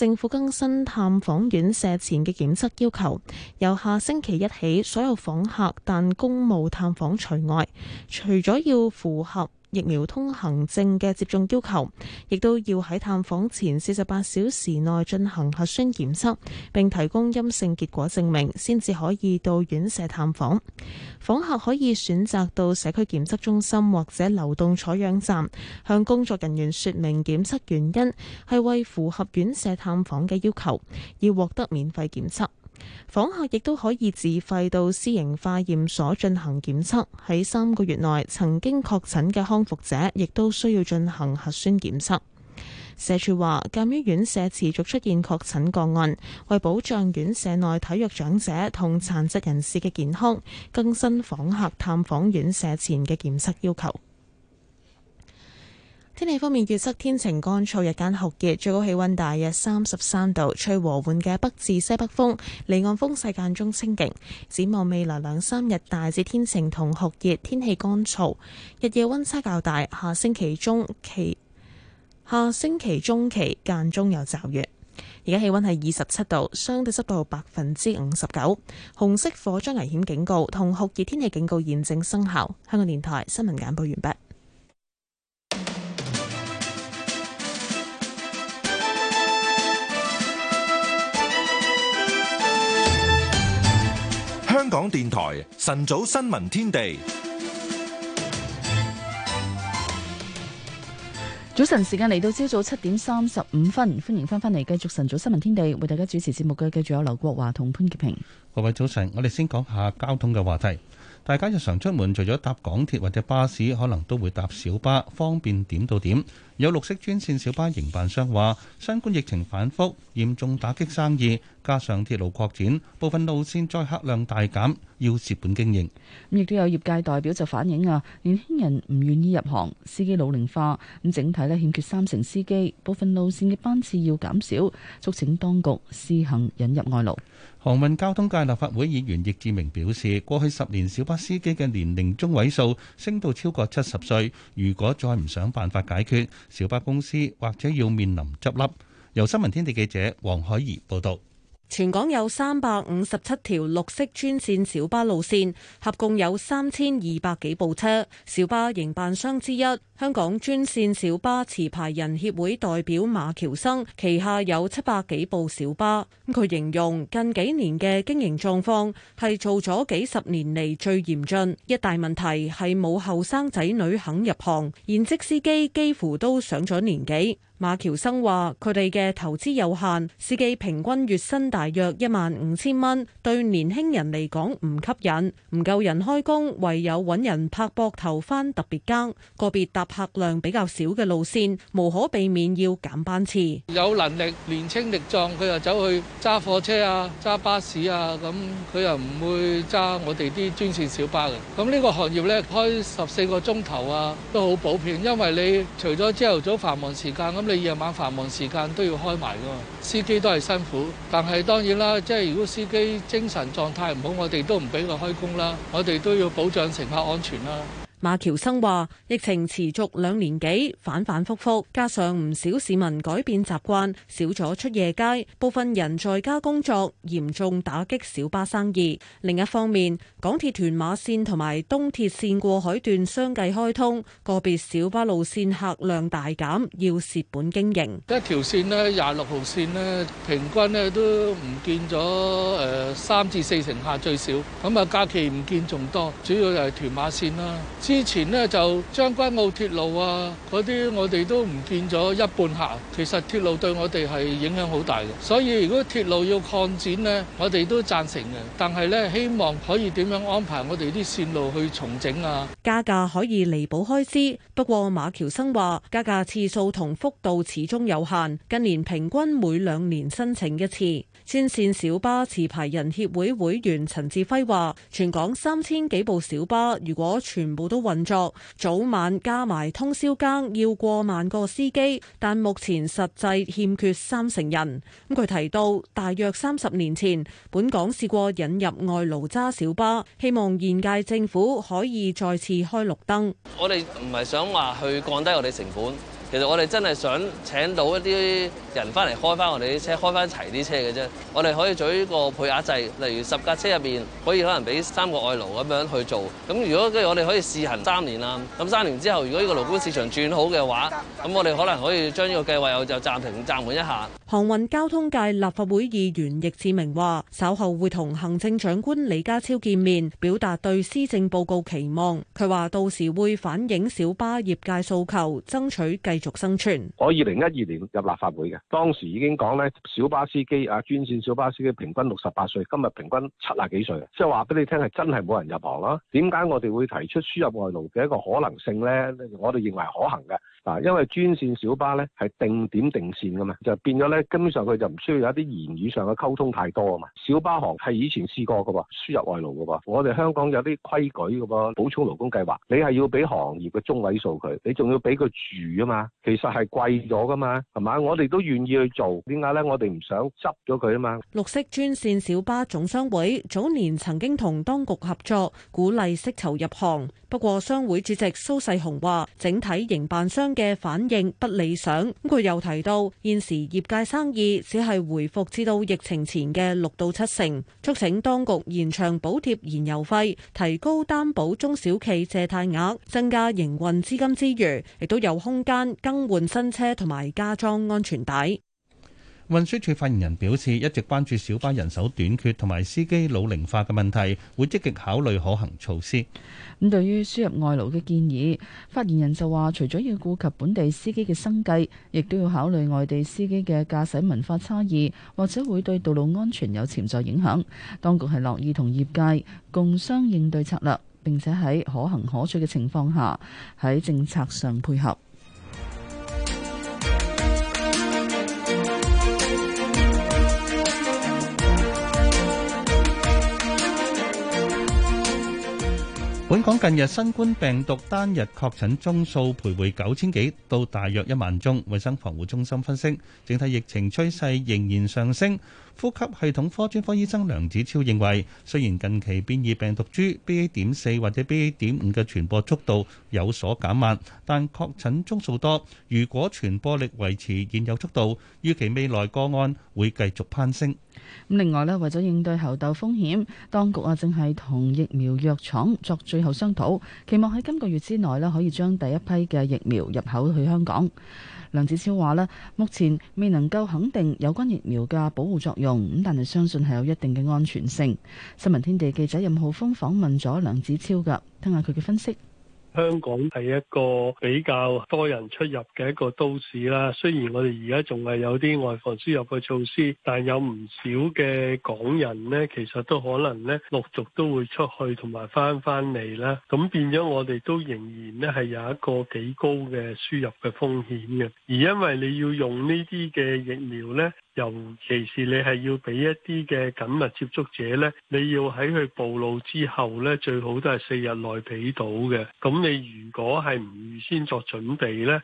政府更新探訪院舍前嘅檢測要求，由下星期一起，所有訪客（但公務探訪除外）除咗要符合疫苗通行證嘅接種要求，亦都要喺探訪前四十八小時內進行核酸檢測，並提供陰性結果證明，先至可以到院舍探訪。訪客可以選擇到社區檢測中心或者流動採樣站，向工作人員説明檢測原因，係為符合院舍探訪嘅要求，而獲得免費檢測。訪客亦都可以自費到私營化驗所進行檢測。喺三個月內曾經確診嘅康復者，亦都需要進行核酸檢測。社署話，鑒於院舍持續出現確診個案，為保障院舍內體弱長者同殘疾人士嘅健康，更新訪客探訪院舍前嘅檢測要求。天氣方面月色，粵西天晴乾燥，日間酷熱，最高氣溫大約三十三度，吹和緩嘅北至西北風，離岸風勢間中清勁。展望未來兩三日，大致天晴同酷熱，天氣乾燥，日夜溫差較大。下星期中期，下星期中期間中有驟雨。而家氣溫係二十七度，相對濕度百分之五十九。紅色火災危險警告同酷熱天氣警告現正生效。香港電台新聞簡報完畢。香港電台晨早新聞天地，早晨時間嚟到朝早七點三十五分，歡迎翻返嚟繼續晨早新聞天地，為大家主持節目嘅，繼續有劉國華同潘潔平。各位早晨，我哋先講下交通嘅話題。大家日常出門，除咗搭港鐵或者巴士，可能都會搭小巴，方便點到點。有綠色專線小巴營辦商話，新冠疫情反覆嚴重打擊生意，加上鐵路擴展，部分路線載客量大減，要蝕本經營。亦都有業界代表就反映啊，年輕人唔願意入行，司機老齡化，咁整體咧欠缺三成司機，部分路線嘅班次要減少，促請當局施行引入外勞。航運交通界立法會議員易志明表示，過去十年小巴司機嘅年齡中位數升到超過七十歲，如果再唔想辦法解決，小巴公司或者要面臨執笠。由新聞天地記者黃海怡報道。全港有三百五十七條綠色專線小巴路線，合共有三千二百幾部車。小巴營辦商之一香港專線小巴持牌人協會代表馬喬生，旗下有七百幾部小巴。佢形容近幾年嘅經營狀況係做咗幾十年嚟最嚴峻，一大問題係冇後生仔女肯入行，現職司機幾乎都上咗年紀。馬橋生話：佢哋嘅投資有限，司機平均月薪大約一萬五千蚊，對年輕人嚟講唔吸引，唔夠人開工，唯有揾人拍膊頭返特別更。個別搭客量比較少嘅路線，無可避免要減班次。有能力、年輕力壯，佢又走去揸貨車啊、揸巴士啊，咁佢又唔會揸我哋啲專線小巴嘅。咁呢個行業呢，開十四個鐘頭啊，都好普遍，因為你除咗朝頭早繁忙時間咁。夜晚繁忙時間都要開埋噶，司機都係辛苦，但係當然啦，即係如果司機精神狀態唔好，我哋都唔俾佢開工啦，我哋都要保障乘客安全啦。馬喬生話：疫情持續兩年幾，反反復復，加上唔少市民改變習慣，少咗出夜街，部分人在家工作，嚴重打擊小巴生意。另一方面，港鐵屯馬線同埋東鐵線過海段相繼開通，個別小巴路線客量大減，要蝕本經營。一條線呢，廿六號線呢，平均呢都唔見咗誒三至四成客最少，咁啊假期唔見仲多，主要就係屯馬線啦。之前呢，就將軍澳鐵路啊，嗰啲我哋都唔見咗一半客。其實鐵路對我哋係影響好大嘅，所以如果鐵路要擴展呢，我哋都贊成嘅。但係呢，希望可以點樣安排我哋啲線路去重整啊。加價可以彌補開支，不過馬喬生話加價次數同幅度始終有限，近年平均每兩年申請一次。專線小巴持牌人協會會員陳志輝話：全港三千幾部小巴，如果全部都運作，早晚加埋通宵更，要過萬個司機，但目前實際欠缺三成人。咁佢提到，大約三十年前，本港試過引入外勞揸小巴，希望現屆政府可以再次開綠燈。我哋唔係想話去降低我哋成本。其實我哋真係想請到一啲人翻嚟開翻我哋啲車，開翻齊啲車嘅啫。我哋可以做呢個配額制，例如十架車入面可以可能俾三個外勞咁樣去做。咁如果我哋可以試行三年啦，咁三年之後如果呢個勞工市場轉好嘅話，咁我哋可能可以將呢個計劃就暫停暫緩一下。航運交通界立法會議員易志明話：稍後會同行政長官李家超見面，表達對施政報告期望。佢話到時會反映小巴業界訴求，爭取計續生存。我二零一二年入立法會嘅，當時已經講咧，小巴司機啊，專線小巴司機平均六十八歲，今日平均七廿幾歲，即係話俾你聽，係真係冇人入行啦。點解我哋會提出輸入外勞嘅一個可能性咧？我哋認為可行嘅嗱，因為專線小巴咧係定點定線噶嘛，就變咗咧，根本上佢就唔需要有一啲言語上嘅溝通太多啊嘛。小巴行係以前試過噶噃，輸入外勞噶噃，我哋香港有啲規矩噶噃，補充勞工計劃，你係要俾行業嘅中位數佢，你仲要俾佢住啊嘛。其實係貴咗噶嘛，係嘛？我哋都願意去做，點解呢？我哋唔想執咗佢啊嘛。綠色專線小巴總商會早年曾經同當局合作，鼓勵色籌入行。不過，商會主席蘇世雄話，整體營辦商嘅反應不理想。咁佢又提到，現時業界生意只係回復至到疫情前嘅六到七成，促請當局延長補貼燃油費，提高擔保中小企借貸額，增加營運資金之餘，亦都有空間。更換新車同埋加裝安全帶。運輸署發言人表示，一直關注小巴人手短缺同埋司機老齡化嘅問題，會積極考慮可行措施。咁對於輸入外勞嘅建議，發言人就話，除咗要顧及本地司機嘅生計，亦都要考慮外地司機嘅駕駛文化差異，或者會對道路安全有潛在影響。當局係樂意同業界共商應對策略，並且喺可行可取嘅情況下，喺政策上配合。本港近日新冠病毒單日確診宗數徘徊九千幾到大約一萬宗，衛生防護中心分析，整體疫情趨勢仍然上升。呼吸系統科專科醫生梁子超認為，雖然近期變異病毒株 BA. 點四或者 BA. 點五嘅傳播速度有所減慢，但確診宗數多。如果傳播力維持現有速度，預期未來個案會繼續攀升。另外呢，為咗應對猴痘風險，當局啊正係同疫苗藥廠作最後商討，期望喺今個月之內呢可以將第一批嘅疫苗入口去香港。梁子超話咧：目前未能夠肯定有關疫苗嘅保護作用，咁但係相信係有一定嘅安全性。新聞天地記者任浩峰訪問咗梁子超噶，聽下佢嘅分析。香港係一個比較多人出入嘅一個都市啦。雖然我哋而家仲係有啲外防輸入嘅措施，但有唔少嘅港人呢，其實都可能呢，陸續都會出去同埋翻翻嚟啦。咁變咗我哋都仍然呢係有一個幾高嘅輸入嘅風險嘅。而因為你要用呢啲嘅疫苗呢。尤其是你係要俾一啲嘅緊密接觸者咧，你要喺佢暴露之後咧，最好都係四日內俾到嘅。咁你如果係唔預先作準備咧？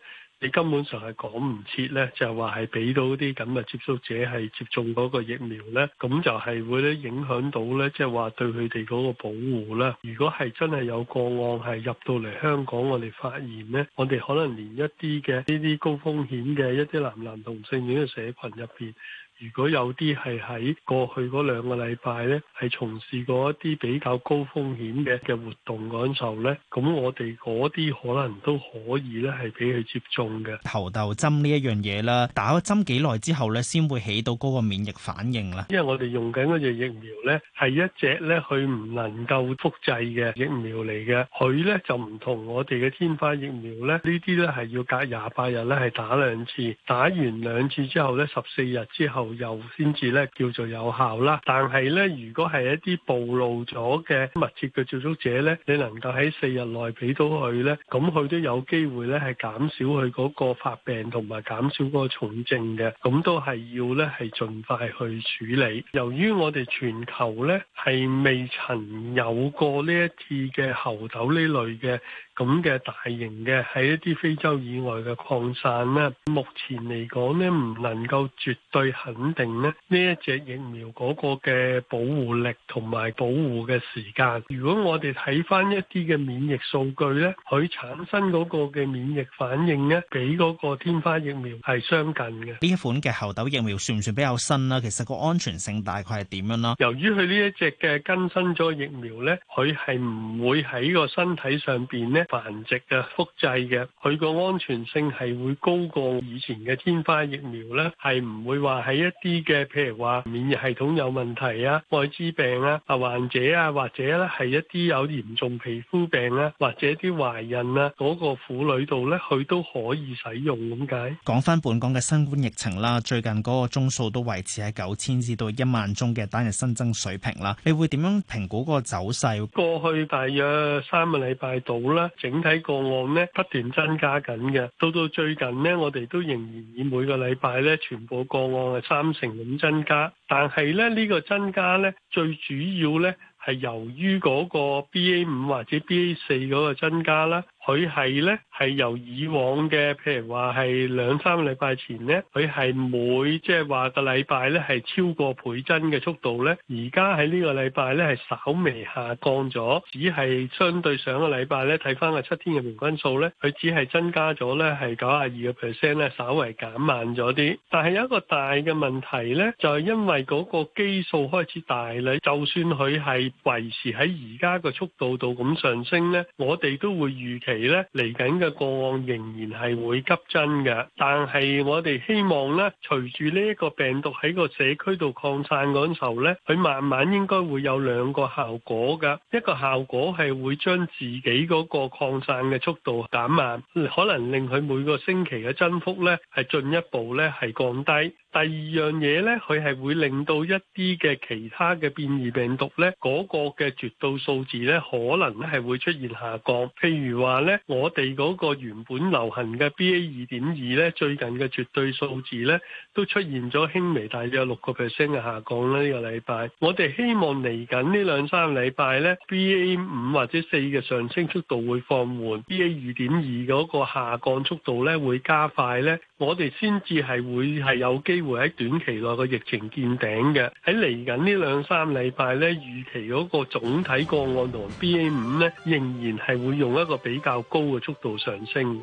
根本上係講唔切呢，就係話係俾到啲緊密接觸者係接種嗰個疫苗呢。咁就係會咧影響到呢，即係話對佢哋嗰個保護咧。如果係真係有個案係入到嚟香港，我哋發現呢，我哋可能連一啲嘅呢啲高風險嘅一啲男男同性戀嘅社群入邊。如果有啲係喺過去嗰兩個禮拜咧，係從事過一啲比較高風險嘅嘅活動嗰陣時候咧，咁我哋嗰啲可能都可以咧，係俾佢接種嘅。猴痘針呢一樣嘢啦，打咗針幾耐之後咧，先會起到嗰個免疫反應啦，因為我哋用緊嗰隻疫苗咧，係一隻咧，佢唔能夠複製嘅疫苗嚟嘅。佢咧就唔同我哋嘅天花疫苗咧，呢啲咧係要隔廿八日咧，係打兩次，打完兩次之後咧，十四日之後。又先至咧叫做有效啦，但係咧如果係一啲暴露咗嘅密切嘅接觸者咧，你能夠喺四日內俾到佢咧，咁佢都有機會咧係減少佢嗰個發病同埋減少嗰個重症嘅，咁都係要咧係盡快去處理。由於我哋全球咧係未曾有過呢一次嘅猴痘呢類嘅，咁嘅大型嘅喺一啲非洲以外嘅擴散咧，目前嚟講咧，唔能夠絕對肯定咧，呢一隻疫苗嗰個嘅保護力同埋保護嘅時間，如果我哋睇翻一啲嘅免疫數據咧，佢產生嗰個嘅免疫反應咧，比嗰個天花疫苗係相近嘅。呢一款嘅猴痘疫苗算唔算比較新啦？其實個安全性大概係點樣啦？由於佢呢一隻嘅更新咗疫苗咧，佢係唔會喺個身體上邊咧。繁殖嘅、啊、複製嘅，佢個安全性係會高過以前嘅天花疫苗咧，係唔會話喺一啲嘅譬如話免疫系統有問題啊、愛滋病啊、啊患者啊，或者咧係一啲有嚴重皮膚病啊，或者啲懷孕啊嗰、嗰個婦女度咧，佢都可以使用咁解。講翻本港嘅新冠疫情啦，最近嗰個宗數都維持喺九千至到一萬宗嘅單日新增水平啦。你會點樣評估嗰個走勢？過去大約三個禮拜度咧。整體個案咧不斷增加緊嘅，到到最近咧，我哋都仍然以每個禮拜咧全部個案係三成咁增加，但係咧呢個增加咧最主要咧係由於嗰個 BA5 或者 BA4 嗰個增加啦。佢係咧，係由以往嘅，譬如話，係兩三個禮拜前咧，佢係每即係話個禮拜咧係超過倍增嘅速度咧。而家喺呢個禮拜咧係稍微下降咗，只係相對上個禮拜咧睇翻個七天嘅平均數咧，佢只係增加咗咧係九十二個 percent 咧，稍微減慢咗啲。但係有一個大嘅問題咧，就係、是、因為嗰個基數開始大啦，就算佢係維持喺而家個速度度咁上升咧，我哋都會預期。嚟緊嘅個案仍然係會急增嘅，但係我哋希望咧，隨住呢一個病毒喺個社區度擴散嗰陣時候咧，佢慢慢應該會有兩個效果㗎，一個效果係會將自己嗰個擴散嘅速度減慢，可能令佢每個星期嘅增幅咧係進一步咧係降低。第二樣嘢咧，佢係會令到一啲嘅其他嘅變異病毒咧，嗰、那個嘅絕對數字咧，可能係會出現下降。譬如話咧，我哋嗰個原本流行嘅 B A 二點二咧，最近嘅絕對數字咧，都出現咗輕微，大約六個 percent 嘅下降咧。呢、這個禮拜，我哋希望嚟緊呢兩三個禮拜咧，B A 五或者四嘅上升速度會放緩 b A 二點二嗰個下降速度咧會加快咧，我哋先至係會係有機會。會喺短期內個疫情見頂嘅，喺嚟緊呢兩三禮拜咧，預期嗰個總體個案同 BA 五咧，仍然係會用一個比較高嘅速度上升。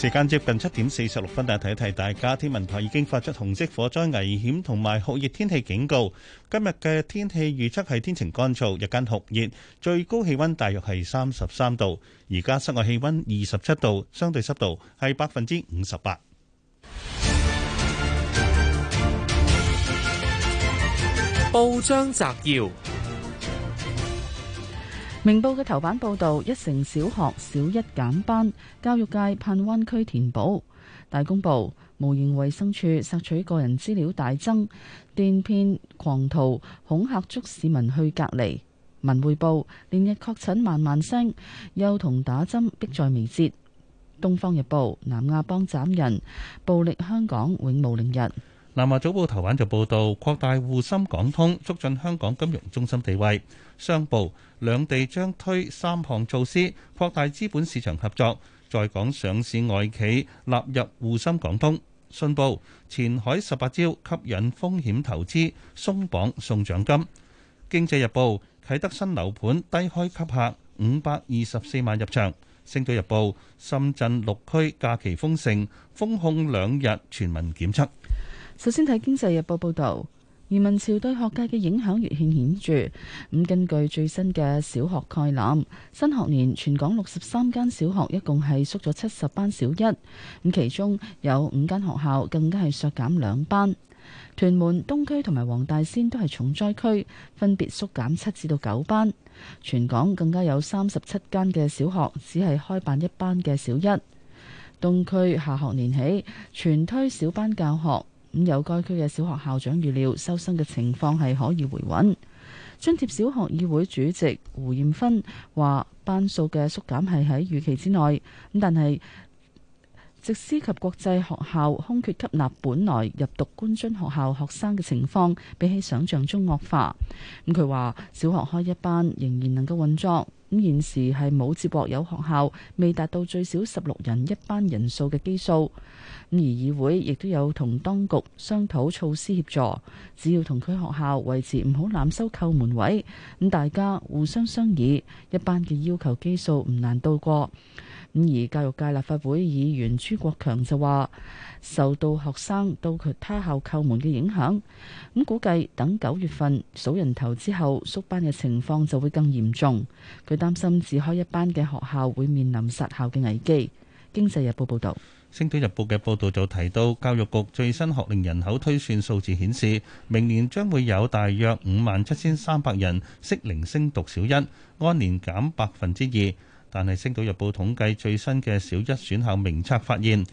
時間接近七點四十六分，看看大家睇一睇。大家天文台已經發出紅色火災危險同埋酷熱天氣警告。今日嘅天氣預測係天晴乾燥，日間酷熱，最高氣溫大約係三十三度。而家室外氣溫二十七度，相對濕度係百分之五十八。報章摘要。明報嘅頭版報道：一成小學小一減班，教育界盼灣區填補。大公報：無形衛生處索取個人資料大增，電騙狂徒恐吓捉市民去隔離。文匯報：連日確診萬萬聲，幼童打針迫在眉睫。東方日報：南亞幫斬人，暴力香港永無寧日。南華早報頭版就報道：擴大滬深港通，促進香港金融中心地位。商報，兩地將推三項措施擴大資本市場合作，在港上市外企納入滬深港通。信報：前海十八招吸引風險投資，鬆綁送獎金。經濟日報：啟德新樓盤低開吸客，五百二十四萬入場。星島日報：深圳六區假期封城，封控兩日全民檢測。首先睇經濟日報報導。移民潮對學界嘅影響越顯顯著。咁、嗯、根據最新嘅小學概覽，新學年全港六十三間小學一共係縮咗七十班小一，咁其中有五間學校更加係削減兩班。屯門、東區同埋黃大仙都係重災區，分別縮減七至到九班。全港更加有三十七間嘅小學只係開辦一班嘅小一。東區下學年起全推小班教學。咁有該區嘅小學校長預料收生嘅情況係可以回穩，津貼小學議會主席胡艷芬話班數嘅縮減係喺預期之內，咁但係。直資及國際學校空缺吸納本來入讀官津學校學生嘅情況，比起想像中惡化。咁佢話，小學開一班仍然能夠運作。咁現時係冇接獲有學校未達到最少十六人一班人數嘅基數。咁而議會亦都有同當局商討措施協助，只要同區學校維持唔好濫收扣門位，咁大家互相商議，一班嘅要求基數唔難度過。咁而教育界立法會議員朱國強就話，受到學生到佢他,他校叩門嘅影響，咁估計等九月份數人頭之後，縮班嘅情況就會更嚴重。佢擔心只開一班嘅學校會面臨殺校嘅危機。經濟日報報道，星島日報嘅報道就提到，教育局最新學齡人口推算數字顯示，明年將會有大約五萬七千三百人適齡升讀小一，按年減百分之二。但係，星島日報統計最新嘅小一選校名冊發現，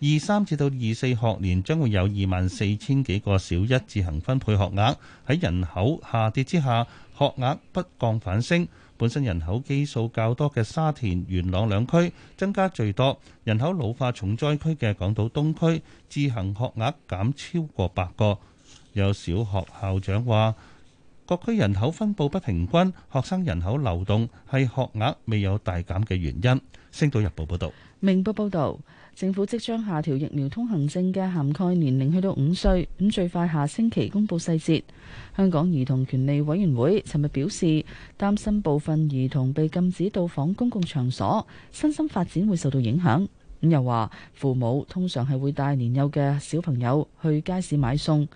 二三至到二四學年將會有二萬四千幾個小一自行分配學額。喺人口下跌之下，學額不降反升。本身人口基數較多嘅沙田、元朗兩區增加最多，人口老化重災區嘅港島東區自行學額減超過百個。有小學校長話，各區人口分布不平均，學生人口流動係學額未有大減嘅原因。星島日報報道。明報報道，政府即將下調疫苗通行證嘅涵蓋年齡去到五歲，咁最快下星期公布細節。香港兒童權利委員會尋日表示，擔心部分兒童被禁止到訪公共場所，身心發展會受到影響。咁又話，父母通常係會帶年幼嘅小朋友去街市買餸，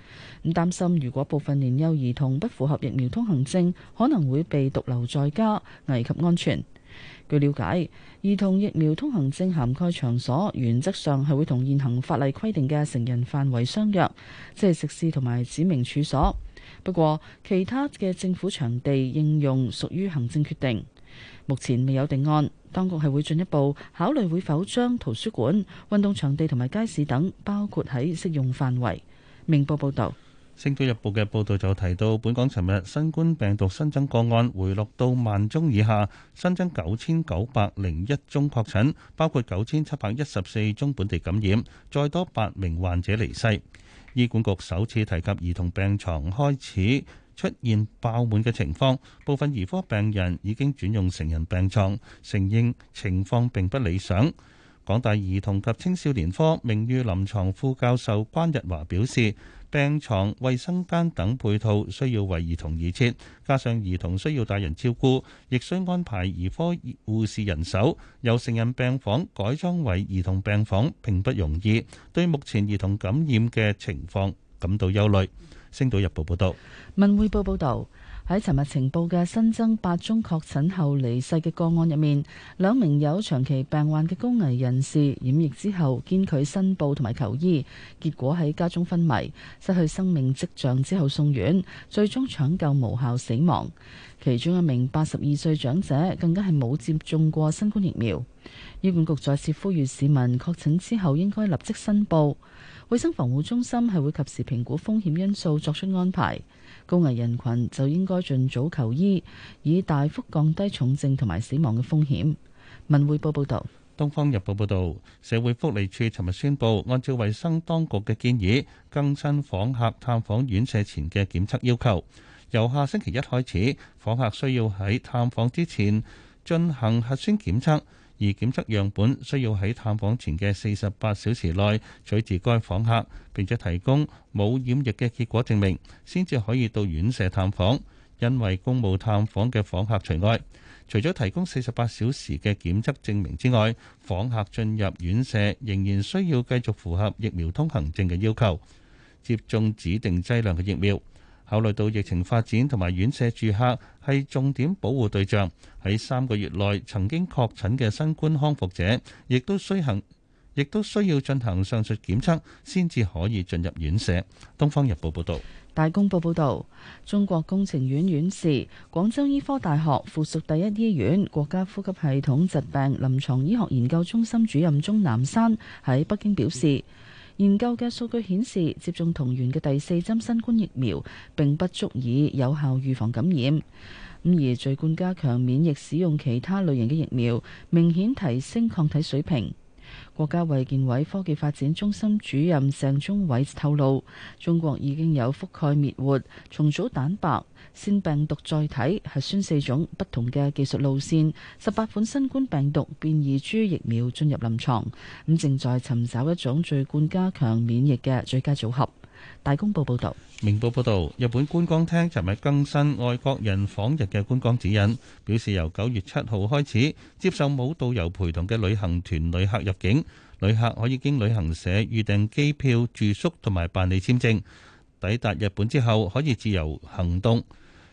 咁擔心如果部分年幼兒童不符合疫苗通行證，可能會被獨留在家，危及安全。據了解，兒童疫苗通行證涵蓋場所原則上係會同現行法例規定嘅成人範圍相若，即係食肆同埋指明處所。不過，其他嘅政府場地應用屬於行政決定，目前未有定案。當局係會進一步考慮會否將圖書館、運動場地同埋街市等包括喺適用範圍。明報報導，《星島日報》嘅報導就提到，本港尋日新冠病毒新增個案回落到萬宗以下，新增九千九百零一宗確診，包括九千七百一十四宗本地感染，再多八名患者離世。醫管局首次提及兒童病床開始出現爆滿嘅情況，部分兒科病人已經轉用成人病床，承認情況並不理想。港大兒童及青少年科名譽臨床副教授關日華表示，病床、衛生間等配套需要為兒童而設，加上兒童需要大人照顧，亦需安排兒科護士人手。由成人病房改裝為兒童病房並不容易，對目前兒童感染嘅情況感到憂慮。星島日報報道，文匯報報道，喺尋日情報嘅新增八宗確診後離世嘅個案入面，兩名有長期病患嘅高危人士染疫之後，堅拒申報同埋求醫，結果喺家中昏迷，失去生命跡象之後送院，最終搶救無效死亡。其中一名八十二歲長者，更加係冇接種過新冠疫苗。醫管局再次呼籲市民確診之後應該立即申報。衛生防護中心係會及時評估風險因素，作出安排。高危人群就應該盡早求醫，以大幅降低重症同埋死亡嘅風險。文匯報報道，東方日報報道，社會福利署尋日宣布，按照衛生當局嘅建議，更新訪客探訪院舍前嘅檢測要求。由下星期一開始，訪客需要喺探訪之前進行核酸檢測。而檢測樣本需要喺探訪前嘅四十八小時內取自該訪客，並且提供冇染疫嘅結果證明，先至可以到院舍探訪。因為公務探訪嘅訪客除外。除咗提供四十八小時嘅檢測證明之外，訪客進入院舍仍然需要繼續符合疫苗通行證嘅要求，接種指定劑量嘅疫苗。考慮到疫情發展同埋院舍住客係重點保護對象，喺三個月內曾經確診嘅新冠康復者，亦都需行，亦都需要進行上述檢測，先至可以進入院舍。《東方日報》報道，《大公報》報道，中國工程院院士、廣州醫科大學附屬第一醫院國家呼吸系統疾病臨床醫學研究中心主任鍾南山喺北京表示。研究嘅數據顯示，接種同源嘅第四針新冠疫苗並不足以有效預防感染。咁而序貫加強免疫，使用其他類型嘅疫苗，明顯提升抗體水平。國家衛健委科技發展中心主任鄭忠偉透露，中國已經有覆蓋滅活、重組蛋白。腺病毒載體、核酸四種不同嘅技術路線，十八款新冠病毒變異株疫苗進入臨床，咁正在尋找一種最冠加強免疫嘅最佳組合。大公報報導，明報報導，日本觀光廳尋日更新外國人訪日嘅觀光指引，表示由九月七號開始接受冇導遊陪同嘅旅行團旅客入境，旅客可以經旅行社預訂機票、住宿同埋辦理簽證，抵達日本之後可以自由行動。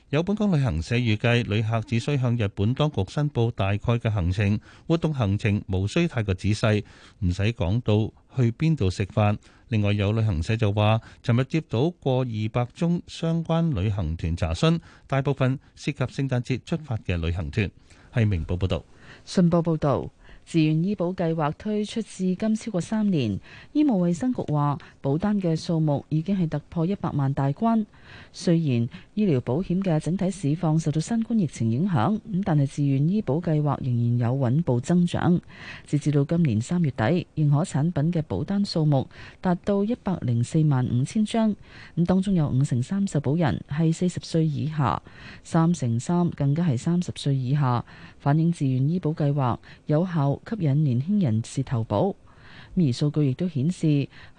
有本港旅行社預計，旅客只需向日本當局申報大概嘅行程，活動行程無需太過仔細，唔使講到去邊度食飯，另外，有旅行社就話尋日接到過二百宗相關旅行團查詢，大部分涉及聖誕節出發嘅旅行團，係明報報道，信報報道。自願醫保計劃推出至今超過三年，醫務衛生局話保單嘅數目已經係突破一百萬大關。雖然醫療保險嘅整體市況受到新冠疫情影響，咁但係自願醫保計劃仍然有穩步增長。截至到今年三月底，認可產品嘅保單數目達到一百零四萬五千張，咁當中有五成三受保人係四十歲以下，三成三更加係三十歲以下，反映自願醫保計劃有效。吸引年輕人士投保，而數據亦都顯示，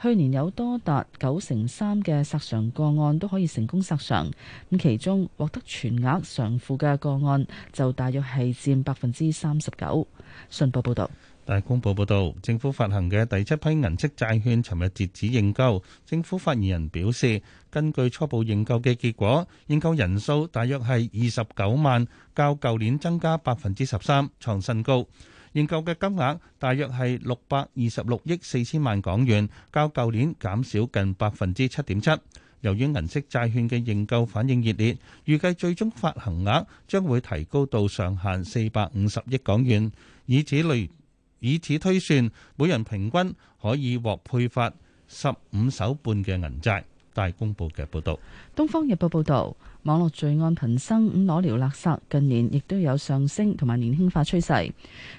去年有多達九成三嘅索償個案都可以成功索償。咁其中獲得全額償付嘅個案就大約係佔百分之三十九。《信報》報道，《大公報》報道，政府發行嘅第七批銀色債券，尋日截止認購。政府發言人表示，根據初步認購嘅結果，認購人數大約係二十九萬，較舊年增加百分之十三，創新高。認購嘅金額大約係六百二十六億四千萬港元，較舊年減少近百分之七點七。由於銀色債券嘅認購反應熱烈，預計最終發行額將會提高到上限四百五十億港元。以此類以此推算，每人平均可以獲配發十五手半嘅銀債。大公報嘅報導，《東方日報》報導，網絡罪案頻生勒勒，裸聊勒索近年亦都有上升同埋年輕化趨勢。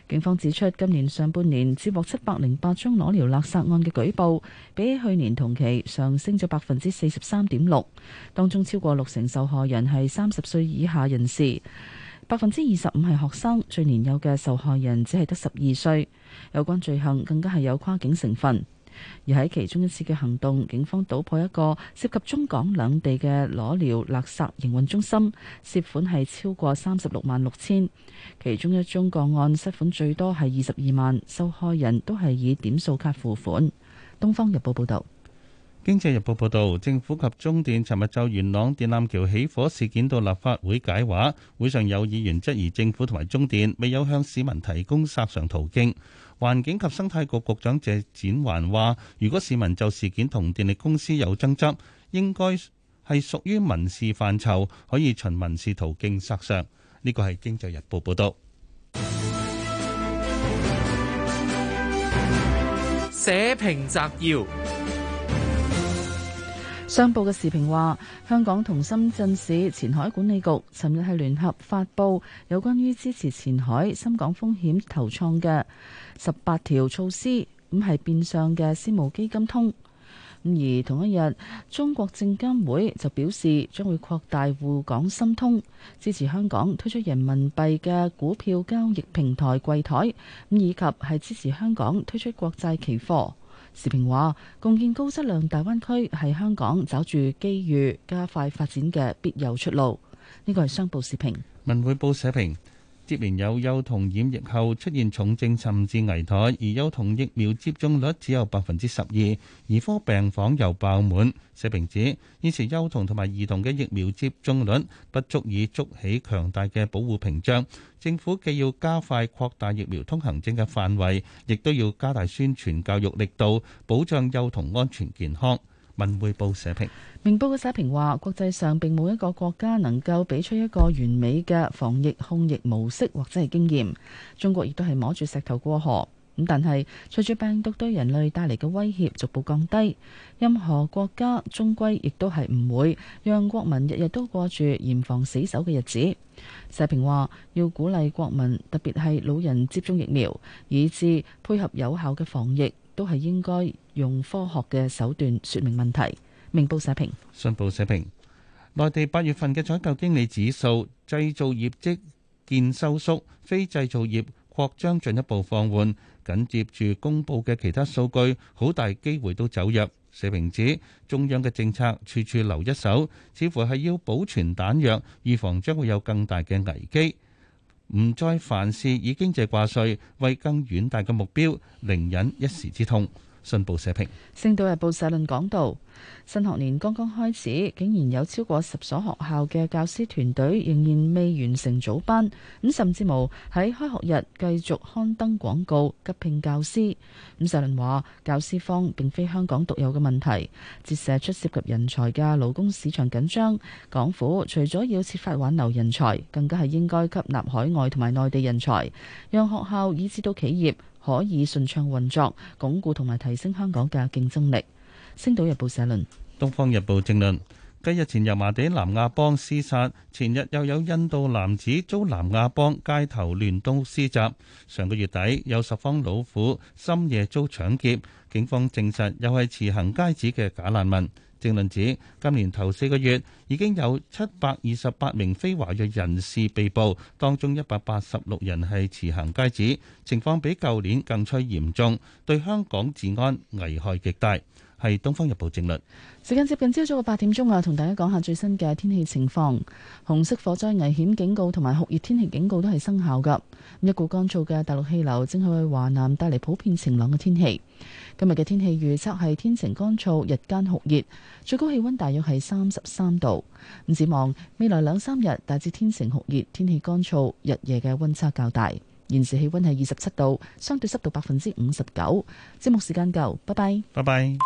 警方指出，今年上半年接獲七百零八宗裸聊勒索案嘅舉報，比去年同期上升咗百分之四十三點六。當中超過六成受害人係三十歲以下人士，百分之二十五係學生，最年幼嘅受害人只係得十二歲。有關罪行更加係有跨境成分。而喺其中一次嘅行動，警方搗破一個涉及中港兩地嘅裸聊垃圾營運中心，涉款係超過三十六萬六千。其中一宗個案失款最多係二十二萬，受害人都係以點數卡付款。《東方日報》報導，《經濟日報》報導，政府及中電尋日就元朗電纜橋起火事件到立法會解話，會上有議員質疑政府同埋中電未有向市民提供索償途徑。環境及生態局局長謝展寰話，如果市民就事件同電力公司有爭執，應該係屬於民事範疇，可以循民事途徑協商。呢個係《經濟日報》報道。社評摘要。商報嘅時評話，香港同深圳市前海管理局尋日係聯合發布有關於支持前海深港風險投創嘅十八條措施，咁係變相嘅私募基金通。咁而同一日，中國證監會就表示將會擴大滬港深通，支持香港推出人民幣嘅股票交易平台櫃台，咁以及係支持香港推出國債期貨。時評話，共建高質量大灣區係香港抓住機遇、加快發展嘅必有出路。呢個係商報時評，文匯報社評。接連有幼童染疫後出現重症甚至危殆，而幼童疫苗接種率只有百分之十二，兒科病房又爆滿。社評指，現時幼童同埋兒童嘅疫苗接種率不足以築起強大嘅保護屏障。政府既要加快擴大疫苗通行證嘅範圍，亦都要加大宣傳教育力度，保障幼童安全健康。文匯報社評，明報嘅社評話：國際上並冇一個國家能夠俾出一個完美嘅防疫控疫模式或者係經驗。中國亦都係摸住石頭過河。咁但係隨住病毒對人類帶嚟嘅威脅逐步降低，任何國家終歸亦都係唔會讓國民日日都過住嚴防死守嘅日子。社評話要鼓勵國民，特別係老人接種疫苗，以至配合有效嘅防疫，都係應該。用科學嘅手段説明問題。明報社評，信報社評，內地八月份嘅採購經理指數製造業績見收縮，非製造業擴張進一步放緩。緊接住公布嘅其他數據，好大機會都走弱。社評指中央嘅政策處處留一手，似乎係要保存彈藥，預防將會有更大嘅危機。唔再凡事以經濟掛帥，為更遠大嘅目標，寧忍一時之痛。信報社評，《星島日報社論》講道：新學年剛剛開始，竟然有超過十所學校嘅教師團隊仍然未完成組班，咁甚至無喺開學日繼續刊登廣告急聘教師。咁社論話，教師方並非香港獨有嘅問題，折射出涉及人才嘅勞工市場緊張。港府除咗要設法挽留人才，更加係應該吸納海外同埋內地人才，讓學校以至到企業，可以順暢運作，鞏固同埋提升香港嘅競爭力。星島日報社論。東方日報正論。繼日前油麻地南亞幫廝殺，前日又有印度男子遭南亞幫街頭亂刀施襲。上個月底有十方老婦深夜遭搶劫，警方證實又係持行街紙嘅假難民。政論指，今年頭四個月已經有七百二十八名非華裔人士被捕，當中一百八十六人係持行街紙，情況比舊年更趨嚴重，對香港治安危害極大。係《東方日報》正論時間，接近朝早嘅八點鐘啊，同大家講下最新嘅天氣情況。紅色火災危險警告同埋酷熱天氣警告都係生效噶。一股乾燥嘅大陸氣流正係為華南帶嚟普遍晴朗嘅天氣。今日嘅天氣預測係天晴乾燥，日間酷熱，最高氣溫大約係三十三度。咁展望未來兩三日，大致天晴酷熱，天氣乾燥，日夜嘅溫差較大。現時氣溫係二十七度，相對濕度百分之五十九。節目時間夠，拜拜，拜拜。